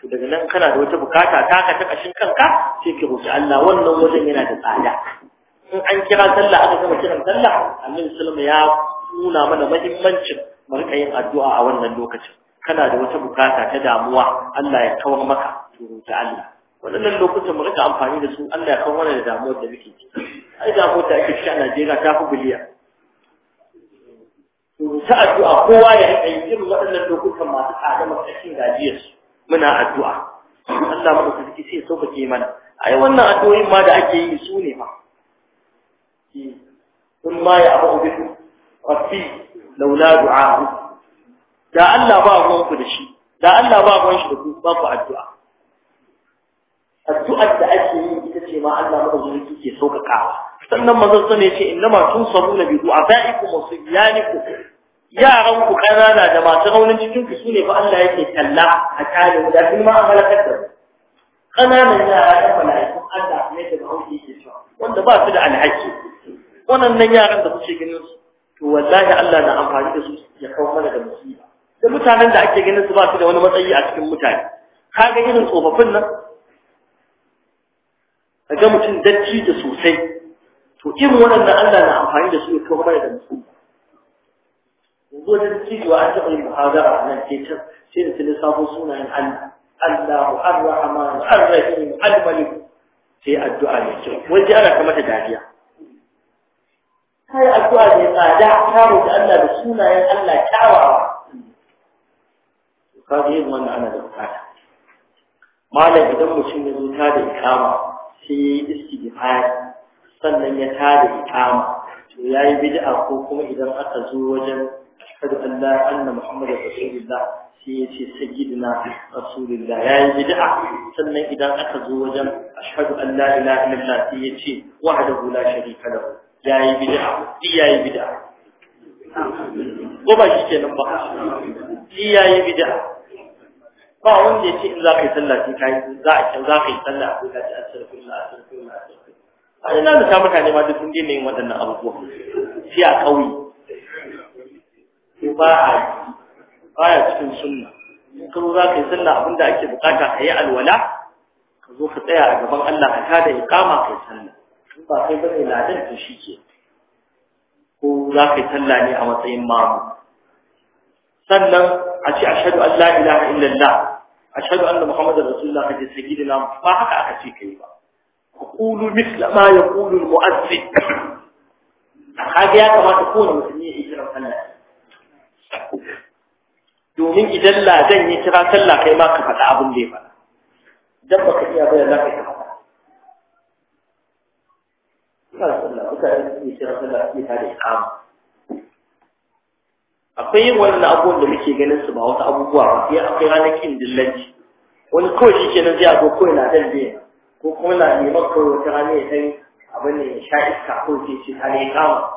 to daga nan kana da wata bukata ta ka ta kashin kanka sai ka roki Allah wannan wajen yana da tsada in an kira sallah aka gama kiran sallah annabi sallallahu ya nuna mana muhimmancin mu rika yin addu'a a wannan lokacin kana da wata bukata ta damuwa Allah ya kawar maka turu ta Allah wannan lokutan mu rika amfani da su Allah ya kawar da damuwar da muke ciki ai ko da ake shi a Najeriya ta fi biliya to ta addu'a kowa ya yi aikin waɗannan lokutan masu tsada masu gajiyar su muna addu'a Allah mu ka ciki sai sauƙaƙe mana ai wannan addu'o'in ma da ake yi su ne ma in ma ya abu bihi rabbi laula du'a da Allah ba ruwan ku da shi da Allah ba ruwan shi da ku ba ku addu'a addu'ar da ake yi ita ce ma Allah madaukaki ke saukakawa sannan manzon sa ne ce innama tunsabuna bi du'afaikum wa sibyanikum yaran ku kanana da masu raunin cikin ku sune fa Allah yake talla a kare da kuma an halakar da kananan yara da mala'ikun Allah ne da hauki ke cewa wanda ba su da alhaki wannan yaran da kuke ganin su to wallahi Allah na amfani da su ya kawo mana da musiba da mutanen da ake ganin su ba su da wani matsayi a cikin mutane ka ga irin tsofaffin nan ga mutum datti da sosai to irin waɗannan Allah na amfani da su ne kawai mai da mutum yanzu wajen cikiwa an taɓa yin muhazara a nan sai ta sai da tilin sabon sunayen Allah Allahu Ar-Rahman Ar-Rahim Al-Malik sai addu'a ne kyau wani ana kama da dariya kai addu'a mai tsada ta da Allah da sunayen Allah kyawawa kaga yin wannan ana da bukata malam idan mutum ya zo ta da ikama sai ya yi istighfar sannan ya ta da ikama to yayi bid'a ko kuma idan aka zo wajen ashhadu an la anna muhammadar rasulullah sai ya ce sayyidina rasulullah yayi bid'a sannan idan aka zo wajen ashhadu an la ilaha illallah sai ya ce wahdahu la sharika lahu yayi bid'a sai yayi bid'a ko ba shi kenan ba sai yayi bid'a ba wanda ya ce in za ka yi sallah sai ka yi za a ce za ka yi sallah a kuka ce astaghfirullah na astaghfirullah ai na da ta mutane ma duk sun yin waɗannan abubuwa Shi a kauye a ba a cikin sunna in ka za ka yi sallah abinda ake bukata ka yi alwala ka zo ka tsaya a gaban Allah ka tada iqama kai sallah in ba kai bane ladan shi ke. ko za ka yi sallah ne a matsayin mamu sannan a ce ashhadu an la ilaha illallah ashhadu anna muhammadar rasulullah kace sayyidina ba haka aka ce kai ba qulu mithla ma yaqulu almu'azzin haka ya kamata kowane musulmi ya kira sallah domin idan zan yi kira sallah kai ma ka faɗa abin da ya faɗa dan baka iya bayan za ka yi yi da akwai yin wannan abubuwan da muke ganin su ba wasu abubuwa ba sai akwai ranar kin dillanci wani kawai shi kenan zai abu kawai na dalbe ko kuma na neman kawai wata rana ya san abin da ya sha iska ko ke ce ta ne kama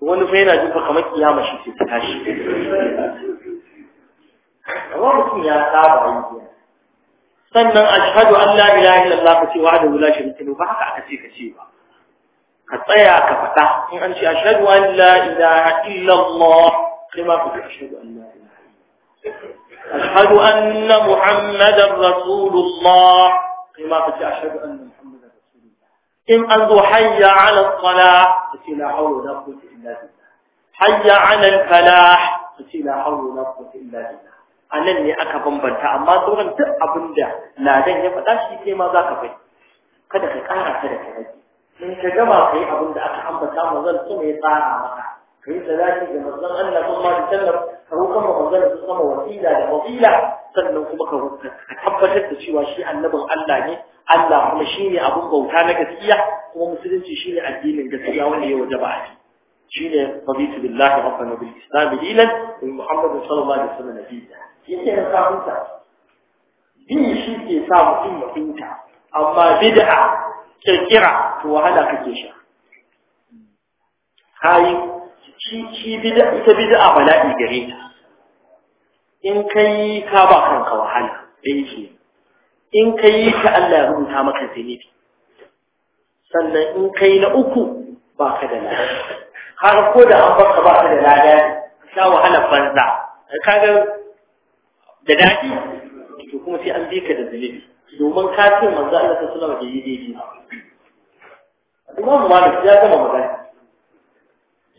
wani fa yana jin kamar kiyama shi ce ta tashi amma mutum ya saba yi sannan ashhadu an la ilaha illallah ka ce wahdahu la sharika ba haka aka ce ka ce ba ka tsaya ka faɗa in an ce ashhadu an la ilaha Allah sai ma anna rasulullah sai ma ce rasulullah in an zo hayya ala salah ka ce la hawla wala illa hayya ala falah ka ce la hawla wala quwwata illa a nan ne aka bambanta amma sauran duk abin da ladan ya faɗa shi kai ma za ka bai kada ka ƙara kada ka rage in ka gama kai abin da aka ambata manzon su mai tsara maka kai salati ga manzon Allah kuma da sallar ka roƙa manzon su sama wasila da wasila sannan kuma ka roƙa ka tabbatar da cewa shi annabin Allah ne Allah kuma shine abin bauta na gaskiya kuma musulunci shine addinin gaskiya wanda ya wajaba a shine faditu billahi rabbana bil islam dinan wa muhammadin sallallahu alaihi wasallam nabiyya yake da samunta din shi ke sa mutum ya fita amma bid'a kirkira to wahala kake sha kai shi shi bid'a ita bid'a bala'i gare ta in kai ka ba kanka wahala dai ke in kai ta Allah ya rubuta maka zinibi. sannan in kai na uku ba ka da lada har ko da an baka ba ka da lada sha wahala banza kaga da dadi to kuma sai an bi ka da zinibi. domin ka ce manzo Allah sallallahu ta sallama da yi daidai na Imam Malik ya gama magana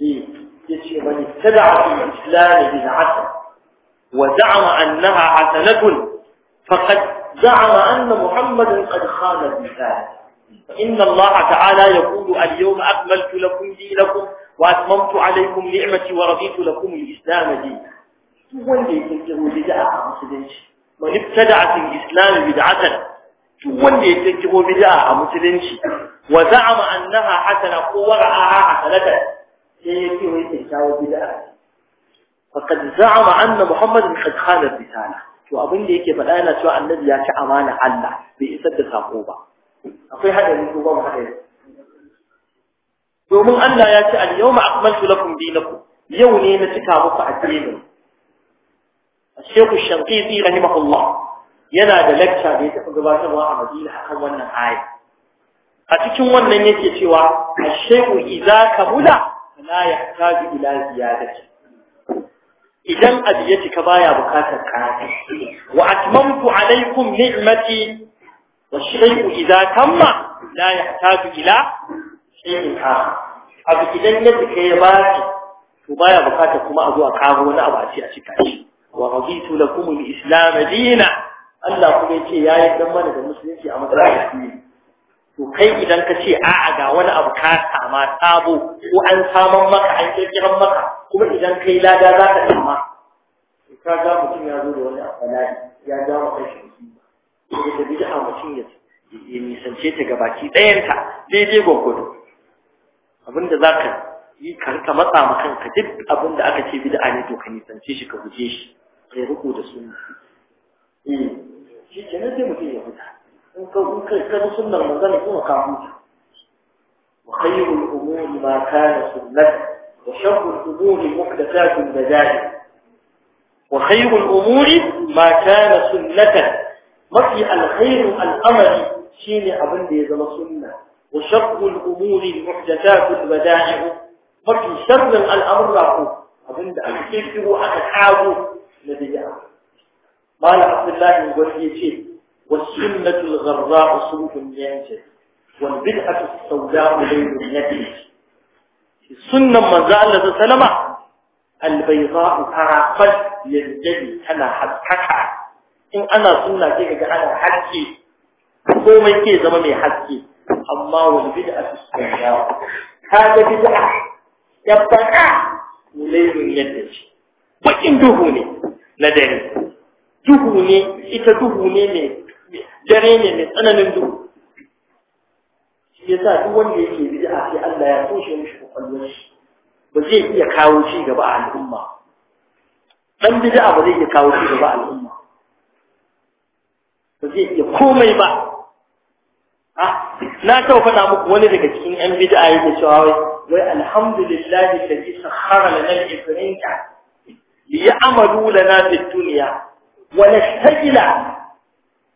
eh yace bani tad'a al islam bid'atan wa za'ama annaha hasanatun faqad za'ama anna Muhammadan qad khala al-yawma Inna Allah ta'ala yaqulu akmaltu lakum dinakum wa atmamtu alaykum ni'mati wa raditu lakum al-islam ورضيت Wanda yake دينا. وين يكون بدعة مسلمين؟ man ibtada'a fil islam bid'atan to wanda ya kirkiro bid'a a musulunci wa za'ama annaha hasana ko wara'aha hasanata sai yake wai kyakkyawa bid'a faqad za'ama anna muhammadan qad khana risala to abin da yake faɗa yana cewa annabi ya ci amana Allah bai isar da sako ba akwai hadari ko ba hadari domin Allah ya ce al-yawma akmaltu lakum dinakum yau ne na cika muku addinin الشيخ الشنقيطي رحمه الله yana da lecture da ya tafi gabatarwa a Madina akan wannan aya a cikin wannan yake cewa ash-shay'u idza kamula la yahtaju ila ziyadati idan abu ya cika baya bukatar karatu wa atmamtu alaykum ni'mati wa shay'u idza tamma la yahtaju ila shay'in akhar abu idan ya cika ya baki to baya bukatar kuma a zo a kawo wani abu a ci a cika shi wa raditu lakum al-islam dinan Allah kuma yace ya dan mana da musulunci a matsayin addini to kai idan ka ce a'a ga wani abu ka sama sabo ko an saman maka an kirkiran maka kuma idan kai lada za ka sama ka ga mutum ya zo da wani afalai ya ga mu kai shi da bid'a mutum ya ni nisance ta gabaki ɗayanta daidai gwagwado abinda zaka yi karka matsa ma kanka duk abin da aka ce bid'a ne to ka nisance shi ka guje shi kai riko da sunna eh shi kenan sai mutum ya huta in ka in ka ka sunnar manzon kuma ka huta wa khayrul umuri ma kana sunnah wa sharrul umuri muhdathatul bada'i wa khayrul umuri ma kana sunnatan mafi alkhairu al'amari shine abin da ya zama sunna wa sharrul umuri muhdathatul bada'i mafi sharrin al’amur raku abinda a cikin shigo aka kago na dija. Mala Abdullahi Gwarfi ya ce, wasu yin na tulgar za a sulhun yanci, wanda duk aka da mu dai da sunan manza Allah ta salama, albai za a fara tana haskaka. In ana suna ke ga ana haske, komai ke zama mai haske, amma wani duk aka sau da mu. Ka ga duk ya baka laifin yadda ce bakin duhu ne na dare duhu ne ita duhu ne ne dare ne mai tsananin duhu shi ya sa duk wanda yake a sai Allah ya toshe mishi kwakwalwar shi ba zai iya kawo ci gaba a al'umma dan bid'a ba zai iya kawo ci gaba a al'umma ba zai iya komai ba ah na taɓa faɗa muku wani daga cikin yan bid'a yake cewa wai wai alhamdulillah alladhi sakhkhara lana al-ifrinta ya'malu lana fi dunya wa nastajila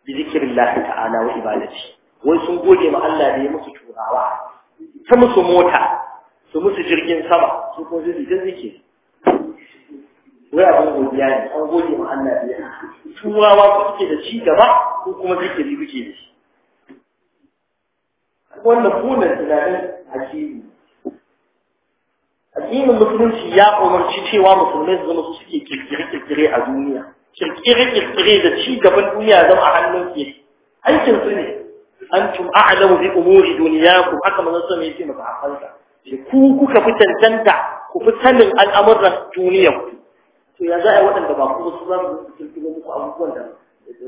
bi dhikrillah ta'ala wa ibadati wai sun gode ma Allah da ya musu turawa ta musu mota su musu jirgin sama su ko da zike wai abin godiya ne an gode ma Allah da ya turawa ku suke da ci gaba ko kuma zikiri kuke da shi wannan kunan tunanin addini addinin musulunci ya umarci cewa musulmai su zama su suke kirkire-kirkire a duniya kirkire-kirkire da ci gaban duniya zama a hannun ke aikin su ne an tum a'lamu bi umuri duniyakum aka manzon sa mai ce masa hafanka ku kuka fi tantanta ku fi sanin al'amuran duniyar ku to ya za a yi waɗanda ba kuma su za su kirkiro muku abubuwan da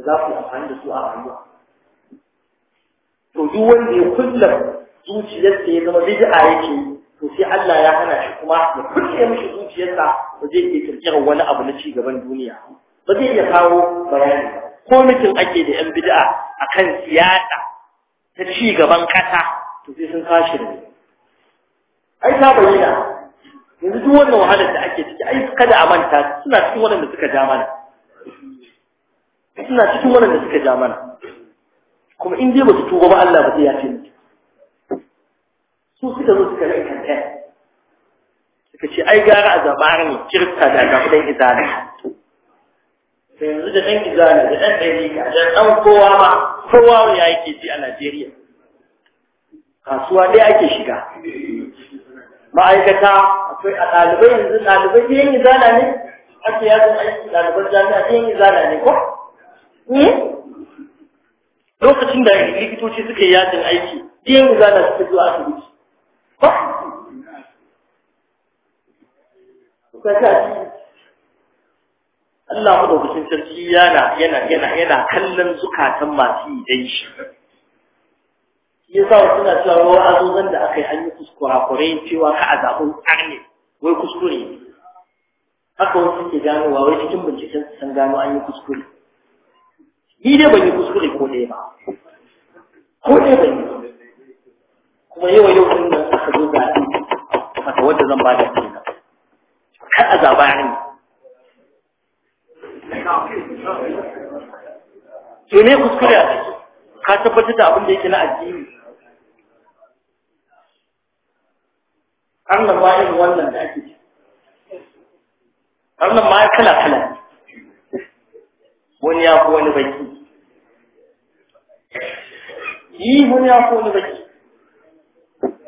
za ku amfani da su a rayuwa to duk wanda ya kulla zuciyarsa ya zama bid'a yake to sai Allah ya hana shi kuma ya kulle mishi zuciyarsa ba zai iya kirkira wani abu na cigaban duniya ba zai iya kawo bayani ko mutum ake da yan bid'a kan siyasa ta cigaban ƙasa, kasa to sai sun kashi da ai ta bayyana yanzu duk wannan wahalar da ake ciki ai kada a manta suna cikin waɗanda suka ja mana suna cikin waɗanda suka ja mana kuma in dai ba su tuba ba Allah ba zai yafe mu su suka zo suka rika ta suka ce ai gara a zabarin kirista da ga dan izana sai yanzu da dan izana da dan dalika da dan kowa ba, kowa ya yake ji a Najeriya kasuwa dai ake shiga ma'aikata akwai a ɗalibai yanzu ɗalibai yin izana ne ake yajin aiki ɗalibai jami'a yin izana ne ko? Hmm? lokacin da likitoci suka yi yajin aiki ɗiyan gudana suka zuwa asibiti ba suka ji Allah sarki yana yana yana yana kallon zukatan masu yi dai shi ya sa wasu na cewa rawa azozan da aka yi an yi kuskura-kurai cewa ka a zaɓin wai kuskure haka wasu ke wa wai cikin binciken sun gano an yi kuskure ni dai ban yi kuskure ko ɗaya ba ko ɗaya ban yi kuma yau yau ɗin nan aka zo zaɓe mata wadda zan da ke nan kar a zaɓa ni to ne kuskure a ciki ka tabbatar da abin da yake na addini har ba ma irin wannan da ake ciki ma ya kala kala wani ya fi wani baki Yi ihun ya kone baki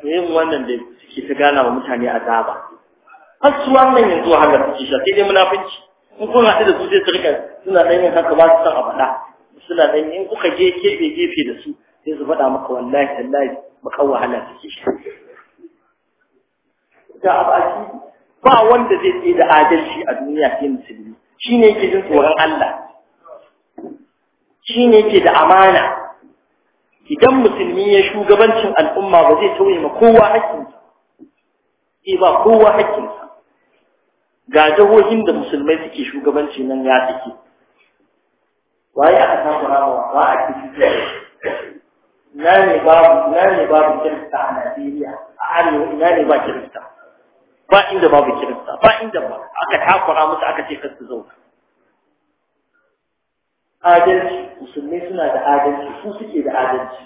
yin wannan da suke ta gana wa mutane azaba har su wannan yanzu wahalar suke sha sai dai munafinci in kun haɗu da su zai tsirka suna ɗan yin haka ba su san a faɗa suna ɗan in kuka je gefe gefe da su sai su faɗa maka wallahi tallahi bakan wahala suke sha da a ba wanda zai tsaye da adalci a duniya sai musulmi shine yake jin tsoron Allah shine yake da amana idan musulmi ya shugabancin al'umma ba zai tauye ma kowa haƙƙinsa sai ba kowa haƙƙinsa ga jahohin da musulmai suke shugabanci nan ya take waye aka samu rawa ba a cikin na ne babu na ne babu kirista a Najeriya a arewa ina ne ba kirista ba inda babu kirista ba inda ba aka takura musu aka ce kar su zauna adalci musulmi suna da adalci su suke da adalci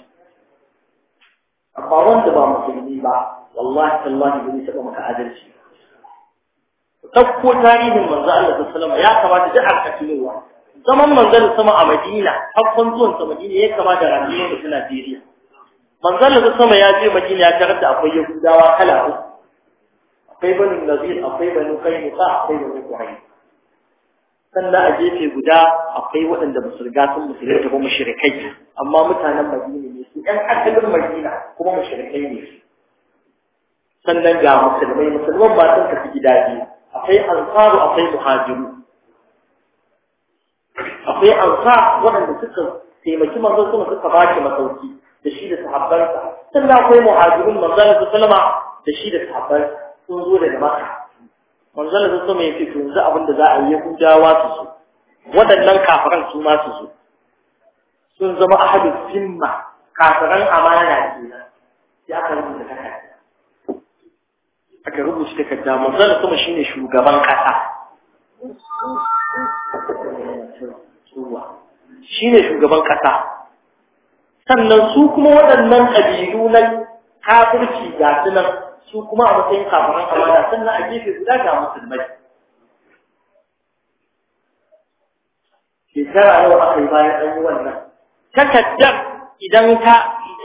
amma wanda ba musulmi ba wallahi tallahi ba zai taɓa maka adalci ɗauko tarihin manzo Allah sallallahu alaihi ya kamata duk a katinuwa zaman manzon sama a Madina farkon zuwan sa Madina ya kama da rayuwar da Najeriya manzon da sama ya je Madina ya tarar da akwai Yahudawa kala uku akwai Banu Nazir akwai Banu Qaynuqa akwai Banu Quraysh sannan a gefe guda akwai waɗanda ba su riga sun musulmi da kuma shirikai amma mutanen madina ne su ɗan asalin madina kuma mushrikai ne sannan ga musulmai musulman ba sun tafi gida biyu akwai ansaru akwai muhajiru akwai ansar waɗanda suka taimaki manzon suna suka ba shi masauki da shi da sahabbansa sannan akwai muhajirun manzon sallama da shi da sahabbansa sun zo daga maka manzala sun sama ya ce to yanzu abin da za a yi jawa su su waɗannan kafiran su ma su zo sun zama ahadin zimma kafiran amana kenan sai aka rubuta takarda aka rubuta takarda manzala sama shine shugaban kasa shine shugaban kasa sannan su kuma waɗannan ƙabilu na kafirci ga su nan su kuma a matsayin kafiran kamata, sannan a gefe guda ga musulmai shekara yau aka yi bayan an yi wannan takaddar idan ka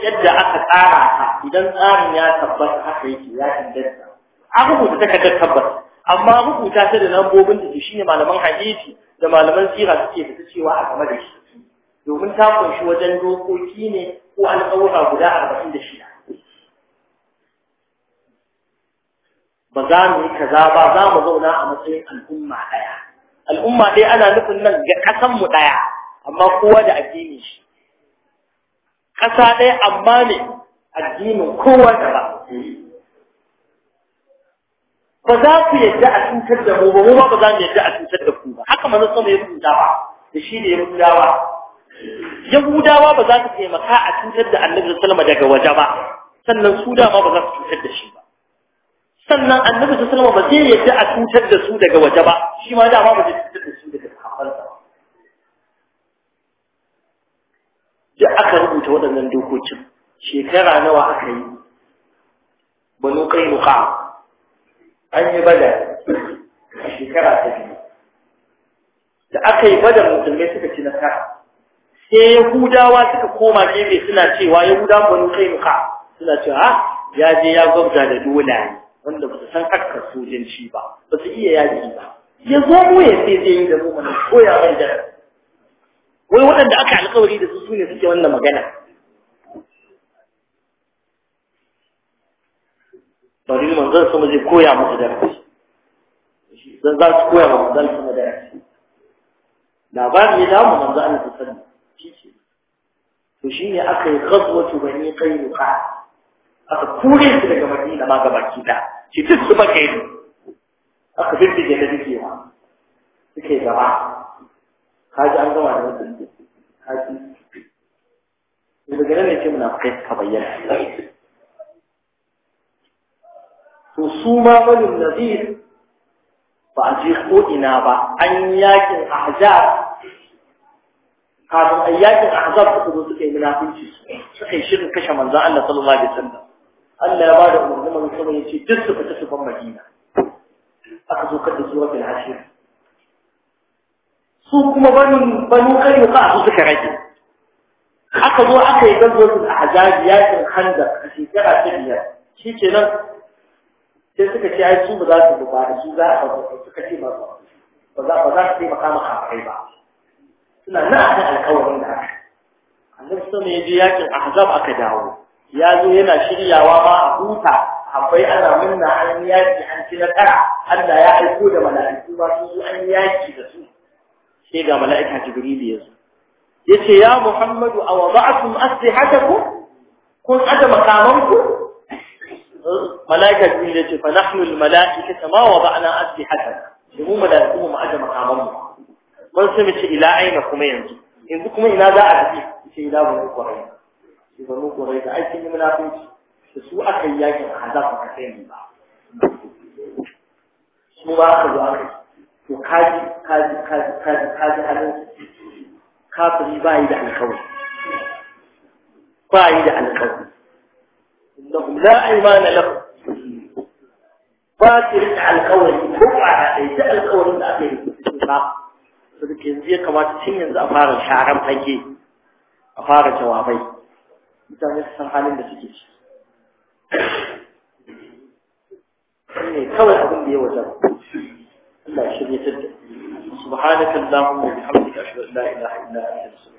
yadda aka tsara ta idan tsarin ya tabbata haka yake ya inganta a rubuta takaddar tabbata amma rubuta ta da lambobin da shi ne malaman hadisi da malaman sira suke da cewa a game da shi domin ta kunshi wajen dokoki ne ko alƙawura guda arba'in da shida ba za mu yi kaza ba za mu zauna a matsayin al'umma ɗaya al'umma ɗaya ana nufin nan ga ƙasanmu mu ɗaya amma kowa da addini shi ƙasa ɗaya amma ne addinin kowa da ba ba za ku yadda a cutar da mu ba mu ba za mu yadda a cutar da ku ba haka manzon sama ya rubuta ba da shi ne ya rubuta Yahudawa ba za su taimaka a cutar da Annabi sallallahu alaihi wasallam daga waje ba sannan su dama ba za su cutar da shi sannan annabi su alaihi ba zai yadda a cutar da su daga waje ba shi ma dama ba zai cutar da su daga sahabbansa ba da aka rubuta waɗannan dokokin shekara nawa aka yi banu muka an yi bada a shekara ta biyu da aka yi bada musulmai suka ci nasara sai yahudawa suka koma gefe suna cewa yahudawa banu muka suna cewa ah, ya je ya gwabza da dola ne wanda ba su san hakkar sojanci ba ba su iya yaƙi ba ya zo mu ya sai sai da mu mana koya mai da wai waɗanda aka alƙawari da su su ne suke wannan magana bari manzon sama zai koya da darasi zan za su koya wa manzon sama darasi labari da mu manzo Allah sallallahu alaihi wasallam shi ce to shine aka yi ghazwatu bani qaynuqa aka kure su daga madina ma ga baki da shi duk su baka yi aka bibbige da duke ma suke gaba kaji an gama da wannan kaji daga nan ne ce muna kai ka bayyana to su ma malin nazir ba a je ko'ina ba an yakin hajjar kafin ayyakin ahzab suka zo suka yi munafunci suka yi shirin kashe manzan Allah sallallahu alaihi wasallam Allah ya ba da umarni mai sama ya ce duk su fita su ban Madina aka zo kada su rabin hashir su kuma banu banu kai ka su suka rage aka zo aka yi a gazzotul ahzabi yakin handa a shekara ta biyar shi ke nan sai suka ce ai su ba za su ba da su za a ba suka ce ba ba za ba za su taimaka maka a kai ba suna na akan alƙawarin da aka annabi sama ya je yakin ahzab aka dawo ya zo yana shiryawa ma a huta akwai ana minna an yaki an ci na tara Allah ya aiko da mala'iku ba su an yaki da su sai ga mala'ika Jibril ya zo yace ya Muhammadu aw wada'tum aslihatakum kun ada makamanku mala'ika Jibril yace fa nahnu al mala'ikata ma wada'na aslihatana mu mala'iku mu ada makamanku mun sai mu ce ila aina kuma yanzu yanzu kuma ina za a tafi sai ila mu ku kwarai shi banu kurai da aikin yi munafunci da su aka yi yakin hazaf ka sani ba su ba ka zo aka to kaji kaji kaji kaji kaji halin kafiri ba yi da alkawari ba yi da alkawari innahum la na lahum ba su rike alkawari ko ba a ɗaiɗe alkawarin da aka yi da rikicin ba su rike yanzu ya kamata tun yanzu a fara sharan fage a fara jawabai mutane su san halin da suke ci ne kawai abin da ya waje Allah shirye ta subhanakallahumma wa bihamdika ashhadu an la ilaha illa anta